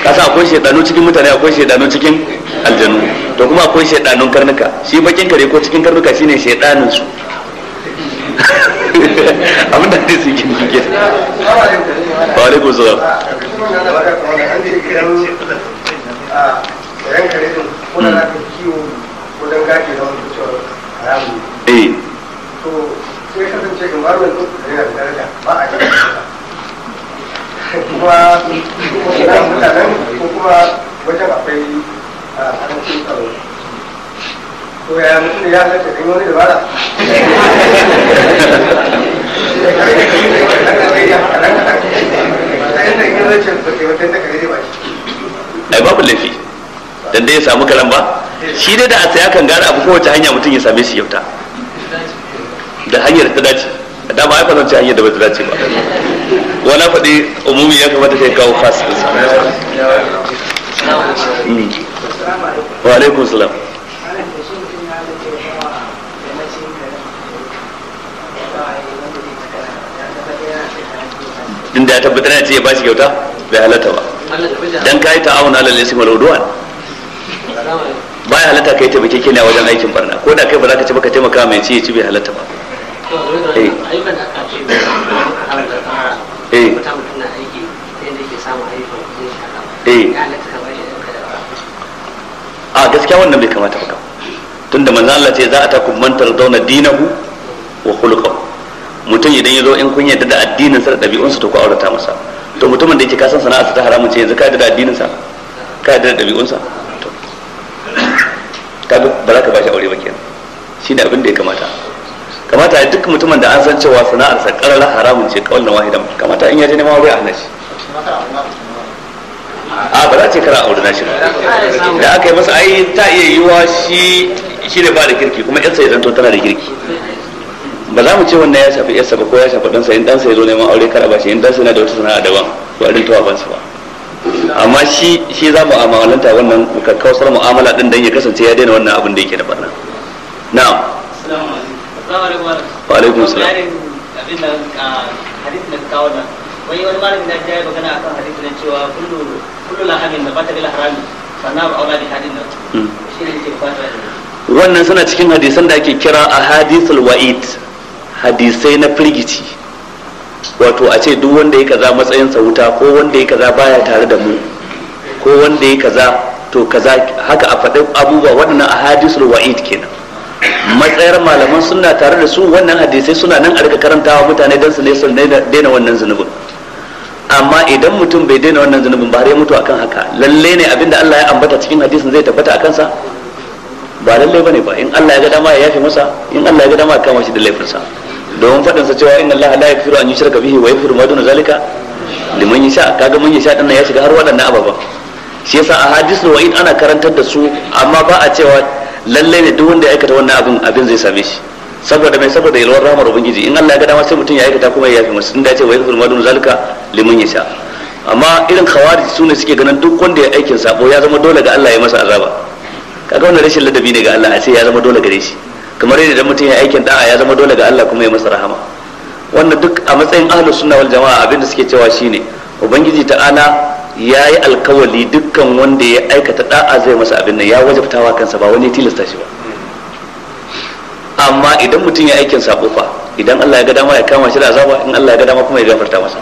kasa akwai shaidanu cikin mutane akwai shaidanu cikin aljanu to kuma akwai shaidanun karnuka shi bakin kare ko cikin karnuka shine shaidanin su abin da su yi ke ba wani ku zuwa eh, eh. kuma wajen mutanen ko kuma wajen akwai ya mutum da ya ya samu kalan ba shi dai da a saya kan gane abu kowace hanya mutum ya same shi yauta da hanyar ta dace da ba ya fa hanyar da ba ta dace ba wala faɗi umumi ya kamata sai kawo fas wa alaikum salam inda ya tabbatar ya ce ya bashi kyauta bai halatta ba dan kai ta auna lalle sai udwan baya halatta kai taimake kina wajen aikin barna ko da kai ba za ka ci ba ka taimaka mai ci ya ci bai halatta ba eh. eh mutum na aiki inda yake samun ayyukan kudin shaka eh ya a gaskiya wannan bai kamata ba tunda manzo Allah ce za a ta kummantar zauna dinahu wa khuluquhu mutum idan ya zo in kun yadda da addinin sa da ɗabi'unsa to ku aurata masa to mutumin da yake kasan sana'arsa ta haramun ce yanzu ka yadda da addinin sa ka yadda da ɗabi'unsa to kaga ba za ka ba shi aure ba kenan shine abin da ya kamata kamata ya duk mutumin da an san cewa sa karara haramun ce kawai na kamata in yaje neman aure a nashi a ba za ce kara aure na shi da aka yi masa ai ta iya yiwa shi shi ne ba da kirki kuma yarsa ya zanto tana da kirki ba za mu ce wannan ya shafi yarsa ba ko ya shafi ɗansa in ɗansa ya zo neman aure kara ba shi in ɗansa yana da wata sana'a daban ko irin tawa sa ba amma shi shi za mu amalanta wannan kakkausar mu'amala din dan ya kasance ya daina wannan abin da yake da barna na'am Uh, uh, wani malamin da hmm. wannan suna cikin hadisan da ake kira a hadisul wa'id hadisai na firgici wato a ce duk wanda ya kaza matsayin wuta ko wanda ya kaza baya tare da mu ko wanda ya kaza to kaza haka a faɗin abubuwa waɗannan a hadisul wa'id kenan matsayar malaman suna tare da su wannan hadisai suna nan a rika karantawa mutane don su ne su daina wannan zunubin amma idan mutum bai daina wannan zunubin ba har ya mutu akan haka lalle ne abinda Allah ya ambata cikin hadisin zai tabbata a kansa ba lalle bane ba in Allah ya ga dama ya yafe masa in Allah ya ga dama ya kama shi da laifinsa domin faɗinsa cewa in Allah la yaghfiru an yushraka bihi wa yaghfiru ma duna zalika liman yasha kaga mun yasha dinnan ya shiga har waɗannan ababan shi yasa a hadisul wa'id ana karantar da su amma ba a cewa lalle ne duk wanda ya aikata wannan abin abin zai same shi saboda mai saboda yalwar rahmar ubangiji in Allah ya ga dama sai mutum ya aikata kuma ya yafi masa inda ya ce wa yakfur madun zalika liman yasha amma irin khawarij su ne suke ganin duk wanda ya aikin sabo ya zama dole ga Allah ya masa azaba kaga wannan rashin ladabi ne ga Allah a ce ya zama dole gare shi kamar yadda mutum ya aikin da'a ya zama dole ga Allah kuma ya masa rahama wannan duk a matsayin ahlus sunna wal jama'a abin da suke cewa shine ubangiji ta'ala ya yi alkawali dukkan wanda ya aikata da'a zai masa abin nan ya wajabtawa kansa ba wani tilasta shi ba amma idan mutum ya aikin sabo fa idan Allah ya ga dama ya kama shi da azaba in Allah ya ga dama kuma ya gafarta masa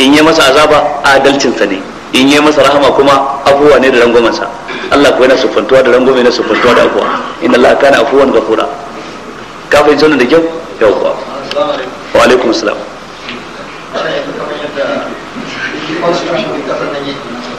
in yi masa azaba adalcinsa ne in yi masa rahama kuma afuwa ne da sa Allah kuwa yana sufantuwa da rangwame na sufantuwa da afuwa inna Allah kana afuwan gafura ka fahimci wannan da kyau yau kuwa wa alaikum salam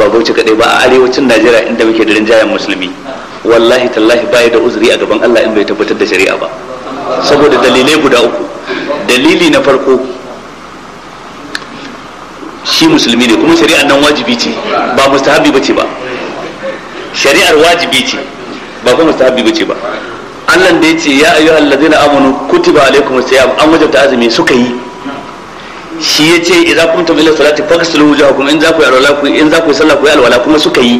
ba bauchi kadai ba a arewacin najeriya inda muke da rinjayen musulmi wallahi tallahi baya da uzuri a gaban allah in bai tabbatar da shari'a ba saboda dalilai guda uku dalili na farko shi musulmi ne kuma shari'ar nan wajibi ce ba mustahabi bace ba shari'ar wajibi ce ba kuma mustahabi bace ba Allah da yace ya ayyuhal ladina amanu kutiba alaikumus siyam an wajabta azumi suka yi shi ya ce kun kuntum ila salati faghsilu wujuhakum in za ku alwala ku in za ku sallah ku alwala kuma suka yi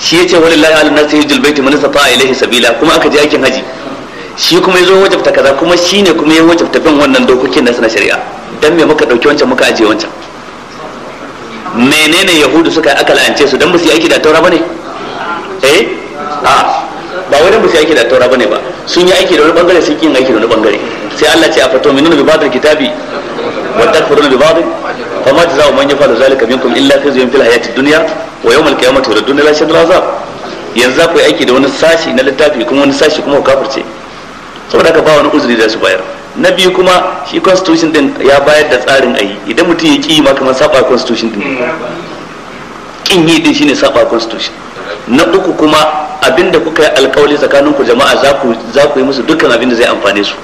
shi ya ce walillahi ala nasi hijjul baiti man istata ilaihi sabila kuma aka je aikin haji shi kuma yazo wajabta kaza kuma shine kuma ya wajabta bin wannan dokokin nasu na shari'a dan me muka dauki wancan muka aje wancan menene yahudu suka aka la'ance su dan ba su yi aiki da taura bane eh a ba wani ba su yi aiki da taura bane ba sun yi aiki da wani bangare sun yi aiki da wani bangare sai Allah ce a fato minun bi badal kitabi wa takfuruna bi ba'd fa ma jazaa'u man yaf'alu zalika minkum illa khizyun fil hayatid dunya wa yawmal qiyamati yuradduna ila shaddil azab yanzu za ku yi aiki da wani sashi na littafi kuma wani sashi kuma ku kafirce saboda haka ba wani uzuri da su bayar na biyu kuma shi constitution din ya bayar da tsarin ayi idan mutum ya ki ma kamar saba constitution din kin yi din shine saba constitution na uku kuma abinda kuka yi alkawali tsakanin ku jama'a za ku yi musu dukkan abin da zai amfane su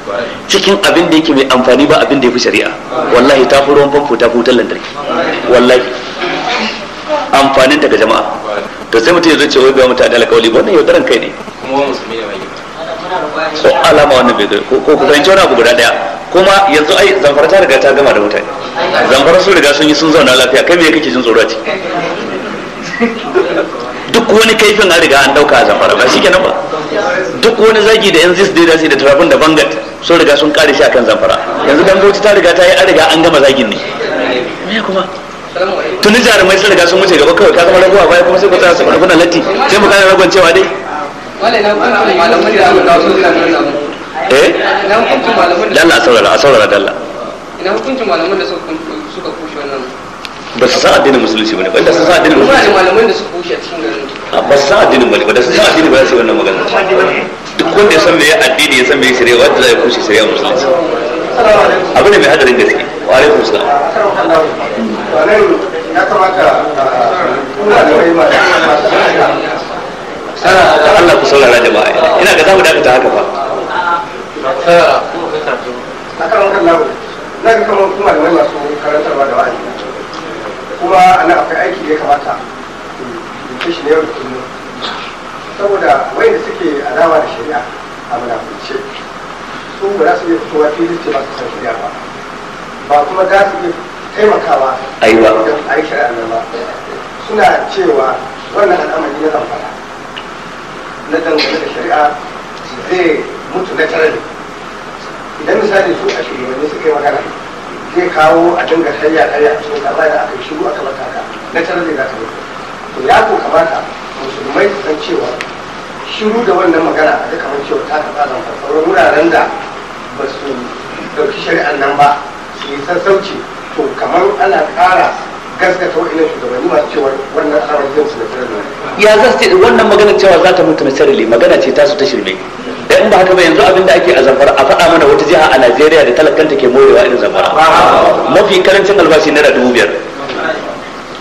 cikin abin da yake mai amfani ba abin da fi shari'a wallahi ta fi ruwan famfo ta fi wutar lantarki wallahi amfanin ta ga jama'a to sai mutum ya zo cewa wai mutane alkawali ba wannan yaudaran kai ne ko alama wannan bai ko ko ku fahimci wani abu guda daya kuma yanzu ai zamfara ta riga ta gama da mutane zamfara sun riga sun yi sun zauna lafiya kai me kake jin tsoro a ciki duk wani kaifin a riga an dauka a zafara ba shikenan ba duk wani zagi da yanzu da dasi da tarafin da bangat sun riga sun kare shi akan zafara yanzu dan ta riga ta yi an riga an gama zagin ne me kuma tuni jarumai sun riga sun wuce gaba kawai ka zama ragowa baya kuma sai ku tsaya saboda kuna latti sai mu kana ragon cewa dai eh dalla a saurara a saurara dalla ina hukuncin malaman da suka ba su san addinin musulunci bane ba da su san addinin musulunci ba malaman da suka wuce cikin garin ba su san addinin bane ba da su san addinin ba za su yi wannan magana duk wanda ya san me ya addini ya san me ya shari'a wanda za ya kushe shari'a musulunci abu ne mai hadarin gaske wa alaikum salam ya kamata kuna da wai ma da Allah ku saurara jama'a ina ga za mu dakata haka fa akan kan lawo na ga kuma kuma da wai masu ba da wani kuma a nan akwai aiki da ya kamata ce shi ne yau da kullum saboda da suke adawa da shari'a a munafunce su ba za su iya fitowa fili ce ba su san shari'a ba ba kuma za su iya taimakawa a yi shari'a nan ba suna cewa wannan al'amari na zamfara na dangane da shari'a zai mutu na tare idan misali su a shirye wani suka yi magana zai kawo a dinga karya karya a cikin gaba da aka yi shiru aka bar ka na tare da mutu to ya ko kamata musulmai su san cewa shiru da wannan magana a kamar cewa ta taɓa zan farfaron wuraren da ba su dauki shari'an nan ba su yi sassauci to kamar ana ƙara gaskata wa'ina shugabanni masu cewar wannan al'amarin su na tsirar ya zasta wannan magana cewa za ta mutu na sarili magana ce ta su ta shirme da in ba haka ba yanzu abinda ake a zamfara a faɗa mana wata jiha a najeriya da talakanta ke morewa irin zamfara mafi karancin albashi naira dubu biyar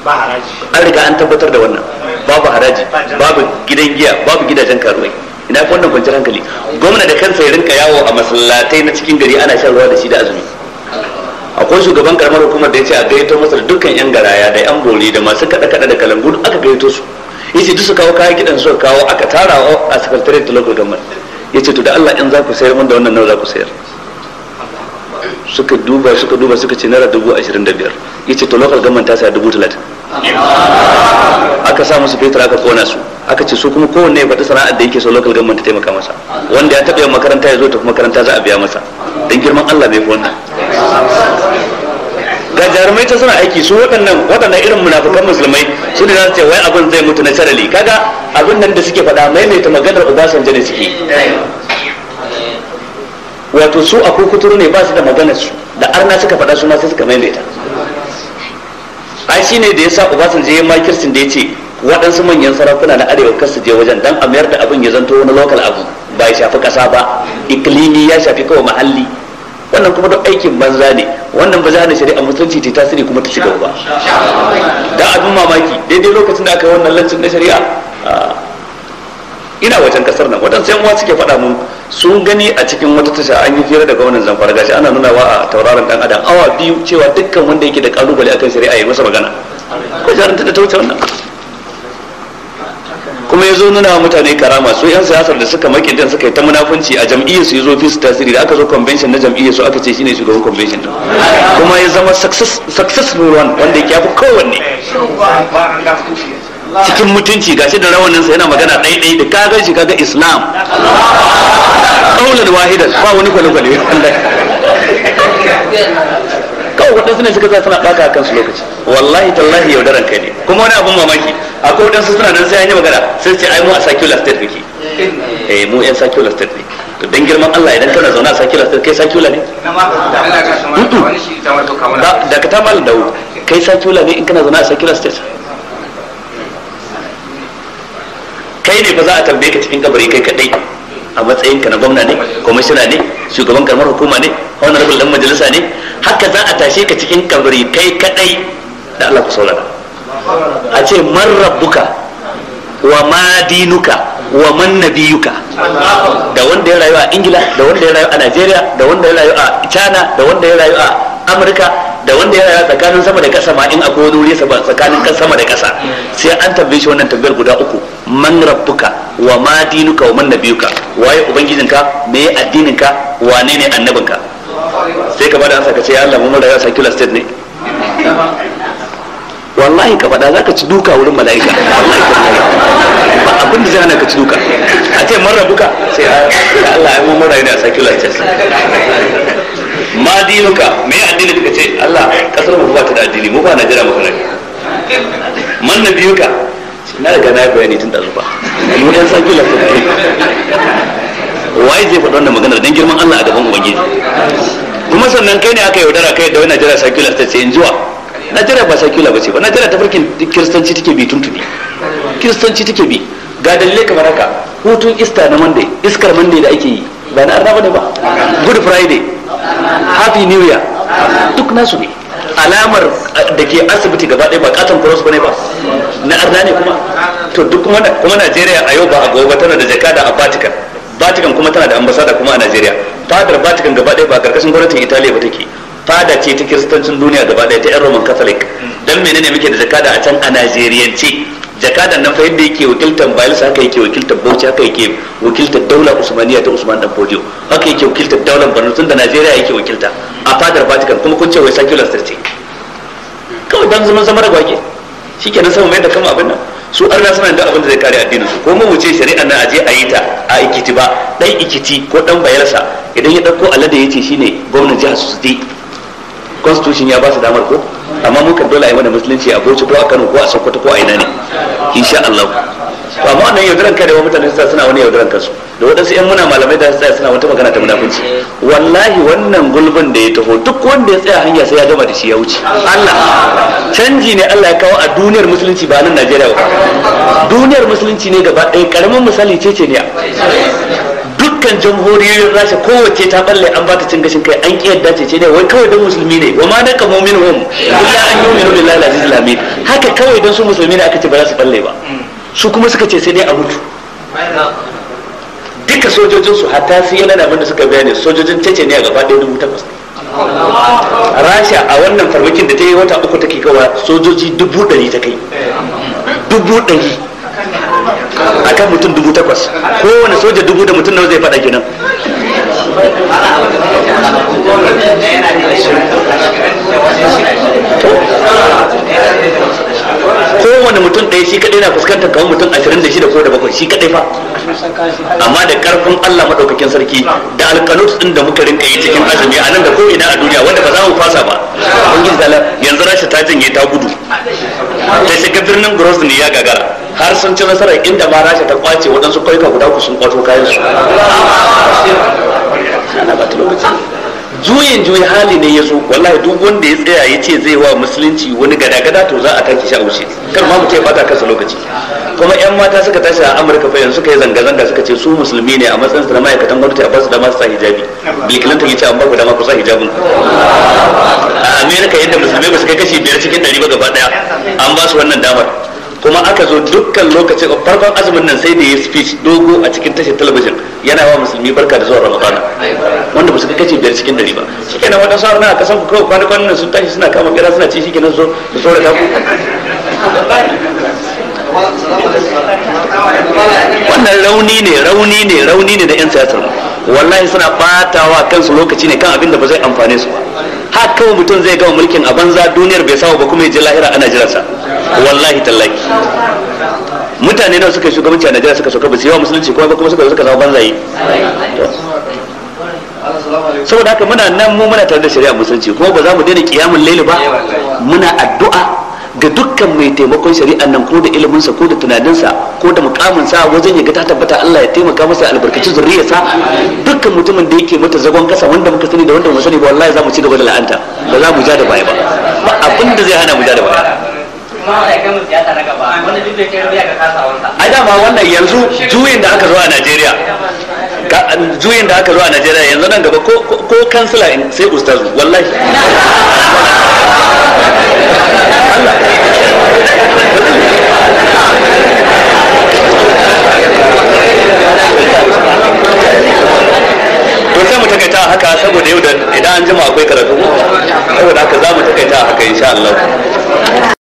an riga an tabbatar da wannan babu haraji babu gidan giya babu gidajen karuwai ina fi wannan kwanciyar hankali gwamna da kansa ya rinka yawo a masallatai na cikin gari ana shan ruwa da shi da azumi akwai shugaban karamar hukumar da ya ce a gayyato masa da dukkan yan garaya da yan bori da masu kada kada da kalangu aka gayyato su yace duk su kawo kayan kidan su kawo aka tara a sakatare da local government ya ce to da Allah in za ku sayar mun da wannan nawa za ku sayar suka duba suka duba suka ce naira dubu ashirin da biyar ya ce to lokal government ta saya dubu talatin aka sa musu fetur aka kona su aka ce su kuma kowanne ya faɗi sana'ar da yake so lokal government ta taimaka masa wanda ya taɓa yin makaranta ya zo tafi makaranta za a biya masa don girman Allah bai fi wannan ga jarumai ta suna aiki su waɗannan waɗannan irin munafukan musulmai su ne za su ce wai abin zai mutu na sarali kaga abin nan da suke faɗa maimaita maganar ubasanje ne suke wato su a kukuturu ne ba su da maganar su da arna suka faɗa su ma sai suka maimaita ai shine da yasa ubasanje ya makircin da ya ce waɗansu manyan sarakuna na arewa kar su je wajen dan a mayar da abin ya zanto wani lokal abu ba ya shafi ƙasa ba iklimi ya shafi kawai mahalli wannan kuma duk aikin banza ne wannan ba za ne shari'a musulunci ta tasiri kuma ta ci gaba da abin mamaki daidai lokacin da aka yi wannan lancin na shari'a ina wajen kasar nan Wajen yan uwa suke faɗa mun sun gani a cikin wata tasha an yi fiye da gwamnan zamfara gashi ana nuna wa a tauraron dan adam awa biyu cewa dukkan wanda yake da kalubale akan shari'a ya masa magana ko jarinta da ta wuce wannan kuma ya zo nuna mutane karama su yan siyasar da suka maki din suka yi ta munafunci a jam'iyyar su yazo fis tasiri da aka zo convention na jam'iyyar su aka ce shine shugaban convention din kuma ya zama successful one wanda ya fi kowanne cikin mutunci gashi da rawanin sa yana magana ɗaiɗai da kaga shi kaga islam kaulan wahidan ba wani kwale-kwale kawai waɗansu ne suka sa suna ɗaka kan su lokaci wallahi tallahi yaudaran kai ne kuma wani abun mamaki akwai waɗansu suna nan sai an yi magana sai ce ai mu a circular state muke eh, eh mu yan circular state ne to dan girman Allah idan kana zauna a circular state kai circular ne da ka ta malam dawo kai circular ne in kana zauna a circular state kai ne ba za a tambaye ka cikin kabari kai kadai a matsayin ka na gwamna ne kwamishina ne shugaban karamar hukuma ne honorable dan majalisa ne haka za a tashe ka cikin kabari kai kadai da Allah ku saurara a ce man rabbuka wa ma dinuka wa man nabiyuka da wanda ya rayu a ingila da wanda ya rayu a nigeria da wanda ya rayu a china da wanda ya rayu a amurka da wanda ya yaya tsakanin sama da ƙasa ma in akwai wani wuri tsakanin kan sama da ƙasa sai an tambaye shi wannan tambayar guda uku man rabbuka wa ma dinuka wa man nabiyuka waye ubangijinka me addininka wane ne annabinka sai ka bada ansa ka ce ya Allah mun raya secular state ne wallahi ka bada zaka ci duka wurin mala'ika ba abin da zai hana ka ci duka a ce man rabbuka sai Allah ya mun rayu ne a secular state ma dinuka ce Allah kasar mu ba ta da addini mu ba na jira maka sanar man na biyu ka na riga na bayani tun da zuba mu dan san kila ko wai zai faɗa wannan magana dan girman Allah a gaban ubangiji kuma sannan kai ne aka yaudara kai da wani Najeriya secular ta ce in zuwa na jira ba secular ba ce ba Najeriya ta farkin kristanci take bi tuntubi kristanci take bi ga dalilai kamar haka hutun ista na monday iskar monday da ake yi ba na arna ba ne ba good friday happy new year duk nasu ne alamar eh, da ke asibiti gaba ɗaya ba katon cross bane ba na arna ne kuma to duk kuma kuma Najeriya a yau ba a gobe tana da jakada a Vatican Vatican kuma tana da ambasada kuma a Najeriya fadar Vatican gaba ɗaya ba karkashin gwamnatin Italiya ba take fada ce ta kiristancin duniya gaba ɗaya ta yan Roman Catholic dan menene muke da jakada a can a Najeriyance jakadan nan fahim da yake wakiltar bayelsa haka yake wakiltar bauchi haka yake wakiltar daular usmaniya ta usman dan bodio haka yake wakiltar daular borno tun da najeriya yake wakilta a fadar vatican kuma kun ce wai secular state kawai dan zaman zama da gwage shikenan sai mu mai da kama abin nan su arna suna da abin da zai kare addinin su ko mu wuce shari'a nan aje a yi ta a ikiti ba dan ikiti ko dan bayelsa idan ya dauko alade yace shine gwamnatin jihar su dai constitution ya ba su damar ko amma mun kan dole a yi mana musulunci a Bauchi ko a Kano ko a Sokoto ko a ina ne insha Allah to amma wannan yaudaran kai da mutane su suna wani yaudaran kansu da wadansu yan muna malamai da su tsaya suna wata magana ta munafunci wallahi wannan gulbin da ya taho duk wanda ya tsaya hanya sai ya gama da shi ya wuce Allah canji ne Allah ya kawo a duniyar musulunci ba nan Najeriya ba duniyar musulunci ne gaba ɗaya karamin misali ce ce ne dukkan jamhuriyoyin rasha kowace ta balle an bata cin gashin kai an kiyar dace ce ne wai kawai don musulmi ne wa ma na kamo min hum illa an yi min billahi aziz lamin haka kawai don su musulmi ne aka ce ba za su balle ba su kuma suka ce sai dai a mutu duka sojojin su hatta su yana da abinda suka bayani sojojin cece ne a gaba ɗaya dubu takwas rasha a wannan farmakin da ta yi wata uku take kawai sojoji dubu ɗari ta kai dubu ɗari akan mutum dubu takwas kowane soja dubu da mutum nawa zai faɗa kenan kowane mutum ɗaya shi kaɗai na fuskantar kamar mutum ashirin da shida ko da bakwai shi kaɗai fa amma da ƙarfin Allah maɗaukakin sarki da alƙanus ɗin da muka rinka yi cikin azumi a nan da ko ina a duniya wanda ba za mu fasa ba ubangiji yanzu rasha ta janye ta gudu ta shiga birnin gros ne ya gagara har sun ci nasarar inda ma rasha ta kwace waɗansu kwaika guda ku sun kwato kayan su ana lokaci juyin juyi hali ne ya zo wallahi duk wanda ya tsaya ya ce zai wa musulunci wani gada-gada to za a taki shi a wuce kar ma mutum ya bata kansa lokaci kuma yan mata suka tashi a amurka fa yanzu suka yi zanga-zanga suka ce su musulmi ne a matsayin su na ma'aikatan gwamnati a basu dama su sa hijabi bill clinton ya ce an ku dama ku sa hijabin a amerika yadda musulmi ba su kai kashi biyar cikin ɗari ba gaba ɗaya an ba su wannan damar kuma aka zo dukkan lokacin farkon azumin nan sai da ya speech dogo a cikin tashar talabijin yana wa musulmi barka da zuwa ramadana wanda musu kace biyar cikin dari ba shikenan wata sa'ar na kasan ku kawai kwana nan sun tashi suna kama kira suna ci shikenan zo da ta ku wannan rauni ne rauni ne rauni ne da yan siyasar wallahi suna batawa kansu lokaci ne kan abin da ba zai amfane su ba har kawai mutum zai gama mulkin a banza duniyar bai samu ba kuma ya ji lahira ana jiransa wallahi tallahi mutane nan suka shugabanci a Najeriya suka soka ba su yawa musulunci kuma ba kuma suka suka banza yi saboda haka muna nan mu muna tare da shari'a musulunci kuma ba za mu daina kiyamul laili ba muna addu'a ga dukkan mai taimakon shari'a nan ko da iliminsa ko da tunaninsa ko da mukaminsa wajen ya ga ta tabbata Allah ya taimaka masa albarkaci zuriyarsa dukkan mutumin da yake mata zagon kasa wanda muka sani da wanda muka sani ba wallahi za mu ci gaba da la'anta ba za mu ja da baya ba ba abin da zai hana mu ja da baya ai dama wannan yanzu juyin da aka zo a Najeriya juyin da aka zo a Najeriya yanzu nan gaba ko kansila sai ustazu wallahi Allah sai mu takaita haka saboda yau da idan an jima akwai karatu saboda haka za mu takaita haka insha Allah